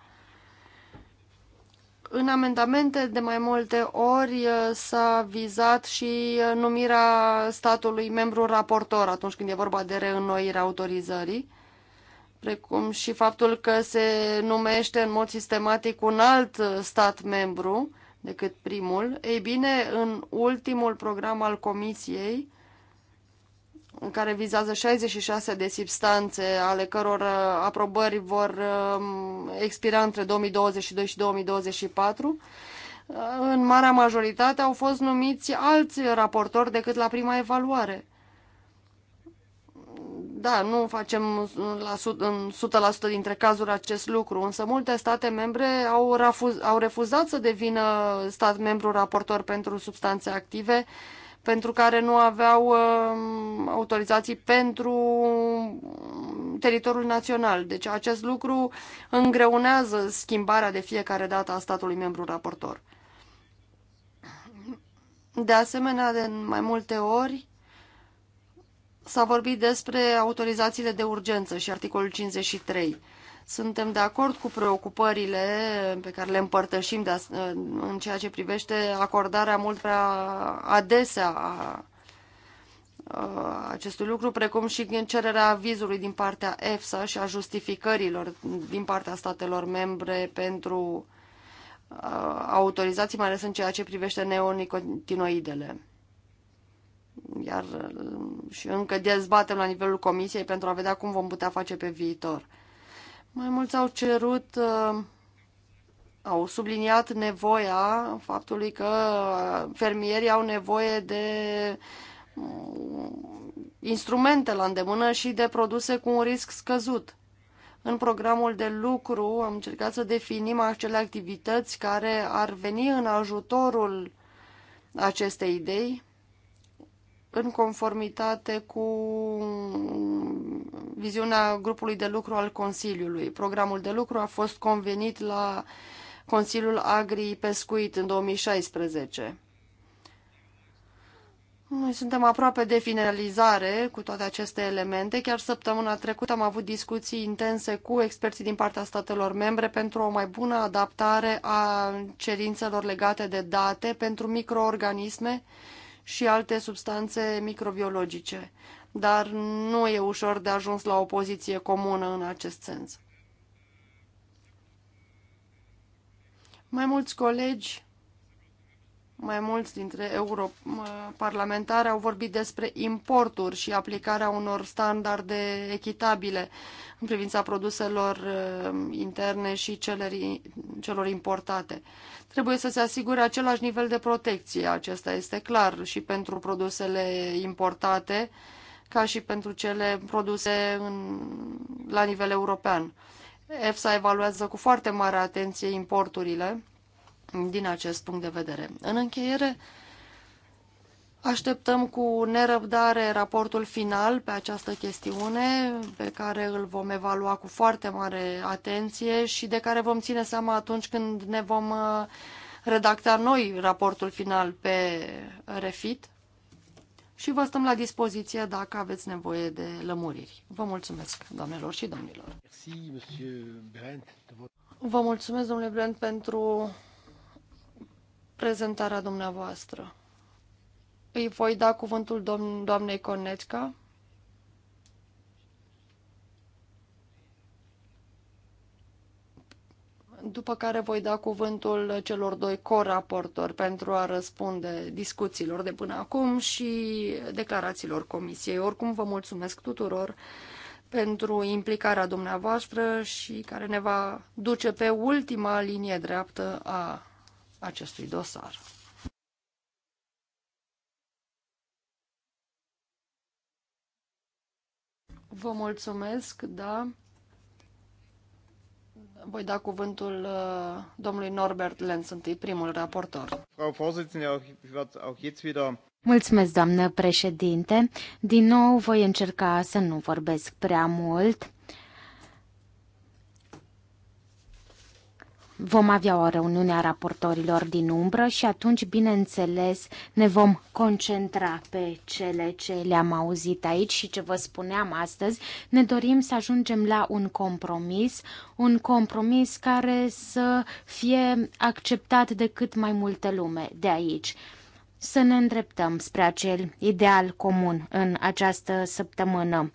În amendamente de mai multe ori uh, s-a vizat și uh, numirea statului membru raportor atunci când e vorba de reînnoirea autorizării, precum și faptul că se numește în mod sistematic un alt uh, stat membru decât primul. Ei bine, în ultimul program al Comisiei, care vizează 66 de substanțe, ale căror aprobări vor um, expira între 2022 și 2024, în marea majoritate au fost numiți alți raportori decât la prima evaluare. Da, nu facem la în 100% dintre cazuri acest lucru, însă multe state membre au, refuz, au refuzat să devină stat membru raportor pentru substanțe active uh, pentru care nu aveau uh, autorizații pentru um, teritoriul național. Deci acest lucru îngreunează schimbarea de fiecare dată a statului membru raportor. De asemenea, de mai multe ori s-a vorbit despre autorizațiile de urgență și articolul 53. Suntem de acord cu preocupările pe care le împărtășim de în ceea ce privește acordarea mult prea adesea a uh, acestui lucru, precum și cererea avizului din partea EFSA și a justificărilor din partea statelor membre pentru uh, autorizații, mai ales în ceea ce privește neonicotinoidele. Iar uh, și încă dezbatem la nivelul comisiei pentru a vedea cum vom putea face pe viitor. Mai mulți au cerut, uh, au subliniat nevoia faptului că uh, fermierii au nevoie de uh, instrumente la îndemână și de produse cu un risc scăzut. În programul de lucru am încercat să definim acele activități care ar veni în ajutorul acestei idei în conformitate cu viziunea grupului de lucru al Consiliului. Programul de lucru a fost convenit la Consiliul Agri Pescuit în 2016. Noi suntem aproape de finalizare cu toate aceste elemente. Chiar săptămâna trecută am avut discuții intense cu experții din partea statelor membre pentru o mai bună adaptare a cerințelor legate de date pentru microorganisme și alte substanțe microbiologice, dar nu e ușor de ajuns la o poziție comună în acest sens. Mai mulți colegi mai mulți dintre europarlamentari au vorbit despre importuri și aplicarea unor standarde echitabile în privința produselor interne și celor importate. Trebuie să se asigure același nivel de protecție, acesta este clar, și pentru produsele importate, ca și pentru cele produse în, la nivel european. EFSA evaluează cu foarte mare atenție importurile din acest punct de vedere. În încheiere, Așteptăm cu nerăbdare raportul final pe această chestiune, pe care îl vom evalua cu foarte mare atenție și de care vom ține seama atunci când ne vom uh, redacta noi raportul final pe Refit și vă stăm la dispoziție dacă aveți nevoie de lămuriri. Vă mulțumesc, doamnelor și domnilor. Vă mulțumesc, domnule Brent, pentru prezentarea dumneavoastră. Îi voi da cuvântul domn doamnei Conetca. După care voi da cuvântul celor doi coraportori pentru a răspunde discuțiilor de până acum și declarațiilor comisiei. Oricum, vă mulțumesc tuturor pentru implicarea dumneavoastră și care ne va duce pe ultima linie dreaptă a acestui dosar. Vă mulțumesc, da. Voi da cuvântul uh, domnului Norbert Lenz, întâi primul raportor. Mulțumesc, doamnă președinte. Din nou voi încerca să nu vorbesc prea mult. Vom avea o reuniune a raportorilor din umbră și atunci, bineînțeles, ne vom concentra pe cele ce le-am auzit aici și ce vă spuneam astăzi. Ne dorim să ajungem la un compromis, un compromis care să fie acceptat de cât mai multe lume de aici să ne îndreptăm spre acel ideal comun în această săptămână.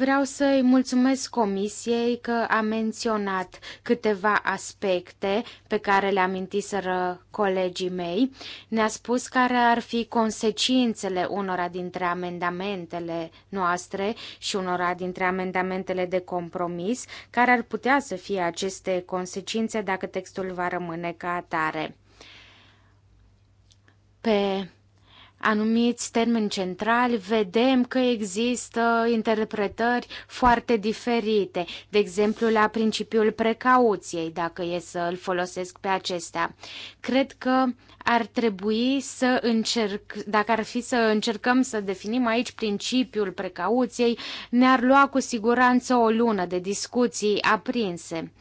Vreau să-i mulțumesc Comisiei că a menționat câteva aspecte pe care le amintiseră colegii mei. Ne-a spus care ar fi consecințele unora dintre amendamentele noastre și unora dintre amendamentele de compromis, care ar putea să fie aceste consecințe dacă textul va rămâne ca atare. Pe anumiți termeni centrali, vedem că există interpretări foarte diferite, de exemplu la principiul precauției, dacă e să îl folosesc pe acesta. Cred că ar trebui să încerc, dacă ar fi să încercăm să definim aici principiul precauției, ne-ar lua cu siguranță o lună de discuții aprinse.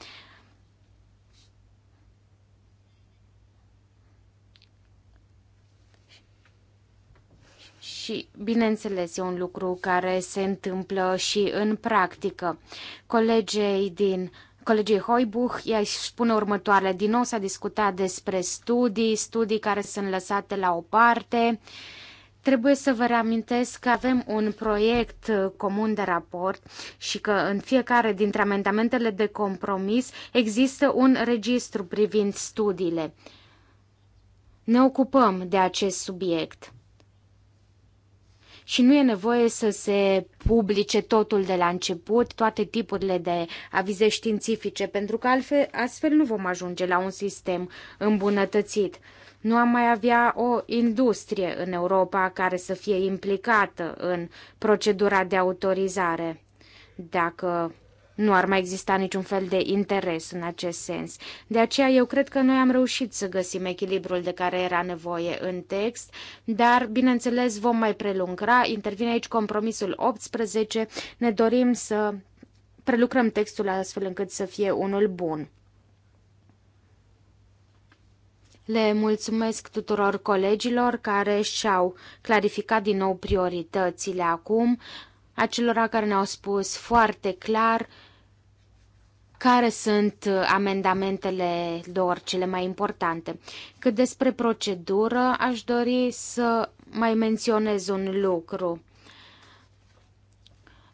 și, bineînțeles, e un lucru care se întâmplă și în practică. Colegei din Colegii Hoibuch, ea își spune următoarele. Din nou s-a discutat despre studii, studii care sunt lăsate la o parte. Trebuie să vă reamintesc că avem un proiect comun de raport și că în fiecare dintre amendamentele de compromis există un registru privind studiile. Ne ocupăm de acest subiect și nu e nevoie să se publice totul de la început, toate tipurile de avize științifice, pentru că altfel, astfel nu vom ajunge la un sistem îmbunătățit. Nu am mai avea o industrie în Europa care să fie implicată în procedura de autorizare. Dacă nu ar mai exista niciun fel de interes în acest sens. De aceea eu cred că noi am reușit să găsim echilibrul de care era nevoie în text, dar bineînțeles vom mai prelungra. Intervine aici compromisul 18. Ne dorim să prelucrăm textul astfel încât să fie unul bun. Le mulțumesc tuturor colegilor care și-au clarificat din nou prioritățile acum, acelora care ne-au spus foarte clar care sunt uh, amendamentele lor cele mai importante. Cât despre procedură, aș dori să mai menționez un lucru.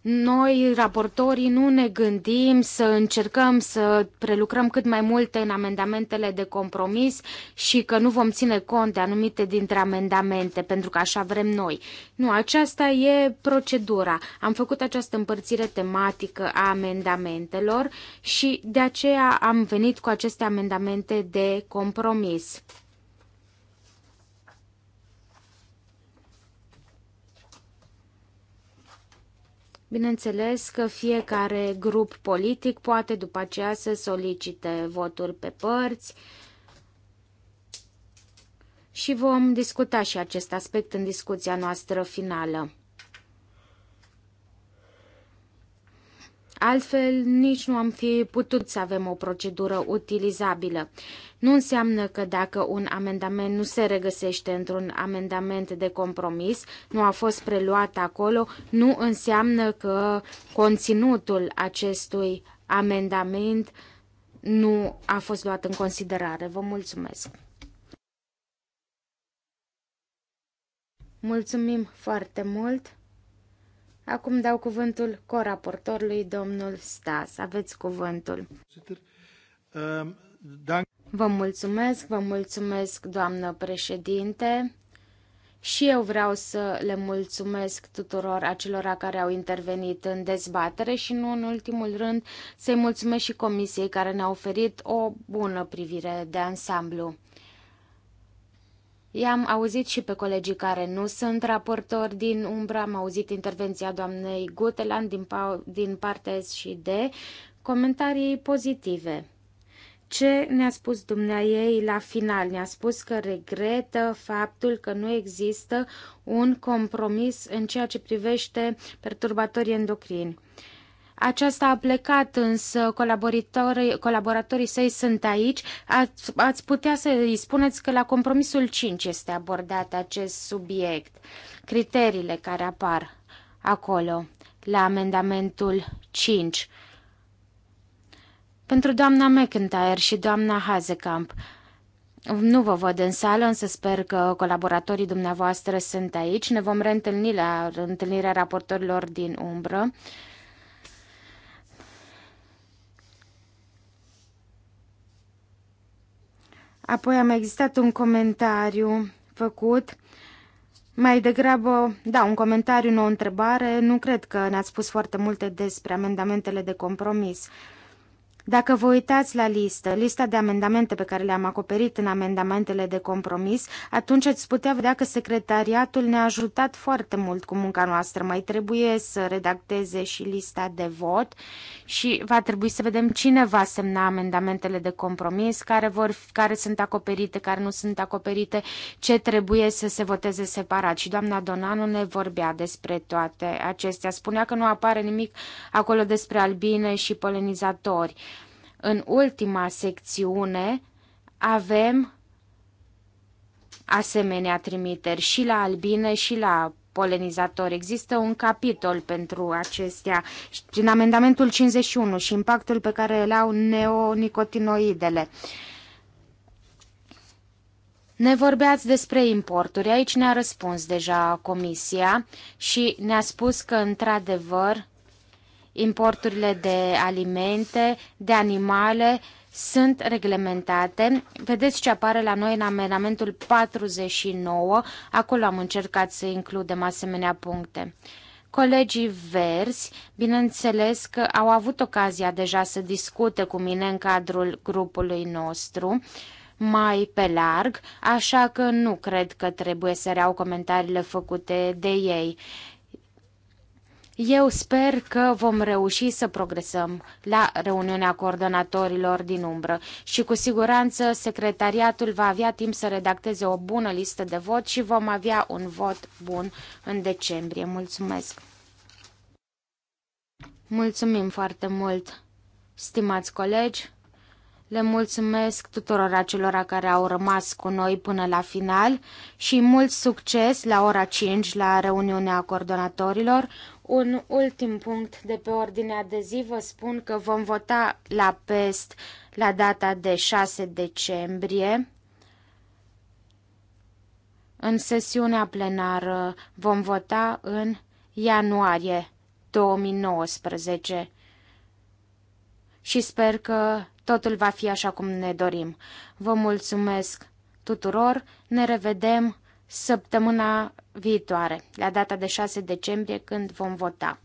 Noi, raportorii, nu ne gândim să încercăm să prelucrăm cât mai multe în amendamentele de compromis și că nu vom ține cont de anumite dintre amendamente, pentru că așa vrem noi. Nu, aceasta e procedura. Am făcut această împărțire tematică a amendamentelor și de aceea am venit cu aceste amendamente de compromis. Bineînțeles că fiecare grup politic poate după aceea să solicite voturi pe părți și vom discuta și acest aspect în discuția noastră finală. Altfel, nici nu am fi putut să avem o procedură utilizabilă. Nu înseamnă că dacă un amendament nu se regăsește într-un amendament de compromis, nu a fost preluat acolo, nu înseamnă că conținutul acestui amendament nu a fost luat în considerare. Vă mulțumesc! Mulțumim foarte mult! Acum dau cuvântul coraportorului domnul Stas. Aveți cuvântul. Vă mulțumesc, vă mulțumesc, doamnă președinte. Și eu vreau să le mulțumesc tuturor acelora care au intervenit în dezbatere și nu în ultimul rând să-i mulțumesc și comisiei care ne-a oferit o bună privire de ansamblu. I-am auzit și pe colegii care nu sunt raportori din Umbra, am auzit intervenția doamnei Guteland din, din partea S și D, comentarii pozitive. Ce ne-a spus dumneaei la final? Ne-a spus că regretă faptul că nu există un compromis în ceea ce privește perturbatorii endocrini. Aceasta a plecat, însă colaboratorii, colaboratorii săi sunt aici. Ați, ați putea să îi spuneți că la compromisul 5 este abordat acest subiect, criteriile care apar acolo, la amendamentul 5. Pentru doamna McIntyre și doamna Hazekamp, nu vă văd în sală, însă sper că colaboratorii dumneavoastră sunt aici. Ne vom reîntâlni la întâlnirea raportorilor din umbră. Apoi am existat un comentariu făcut mai degrabă, da, un comentariu, nu o întrebare. Nu cred că ne-ați spus foarte multe despre amendamentele de compromis. Dacă vă uitați la listă, lista de amendamente pe care le-am acoperit în amendamentele de compromis, atunci ați putea vedea că secretariatul ne-a ajutat foarte mult cu munca noastră. Mai trebuie să redacteze și lista de vot și va trebui să vedem cine va semna amendamentele de compromis, care, vor, care sunt acoperite, care nu sunt acoperite, ce trebuie să se voteze separat. Și doamna Donanu ne vorbea despre toate acestea. Spunea că nu apare nimic acolo despre albine și polenizatori în ultima secțiune avem asemenea trimiteri și la albine și la polenizator. Există un capitol pentru acestea prin amendamentul 51 și impactul pe care îl au neonicotinoidele. Ne vorbeați despre importuri. Aici ne-a răspuns deja comisia și ne-a spus că, într-adevăr, importurile de alimente, de animale sunt reglementate. Vedeți ce apare la noi în amenamentul 49, acolo am încercat să includem asemenea puncte. Colegii verzi, bineînțeles că au avut ocazia deja să discute cu mine în cadrul grupului nostru mai pe larg, așa că nu cred că trebuie să reau comentariile făcute de ei. Eu sper că vom reuși să progresăm la reuniunea coordonatorilor din umbră și cu siguranță secretariatul va avea timp să redacteze o bună listă de vot și vom avea un vot bun în decembrie. Mulțumesc! Mulțumim foarte mult, stimați colegi! Le mulțumesc tuturor acelora care au rămas cu noi până la final și mult succes la ora 5 la reuniunea coordonatorilor. Un ultim punct de pe ordinea de zi vă spun că vom vota la PEST la data de 6 decembrie. În sesiunea plenară vom vota în ianuarie 2019 și sper că totul va fi așa cum ne dorim. Vă mulțumesc tuturor, ne revedem săptămâna viitoare, la data de 6 decembrie, când vom vota.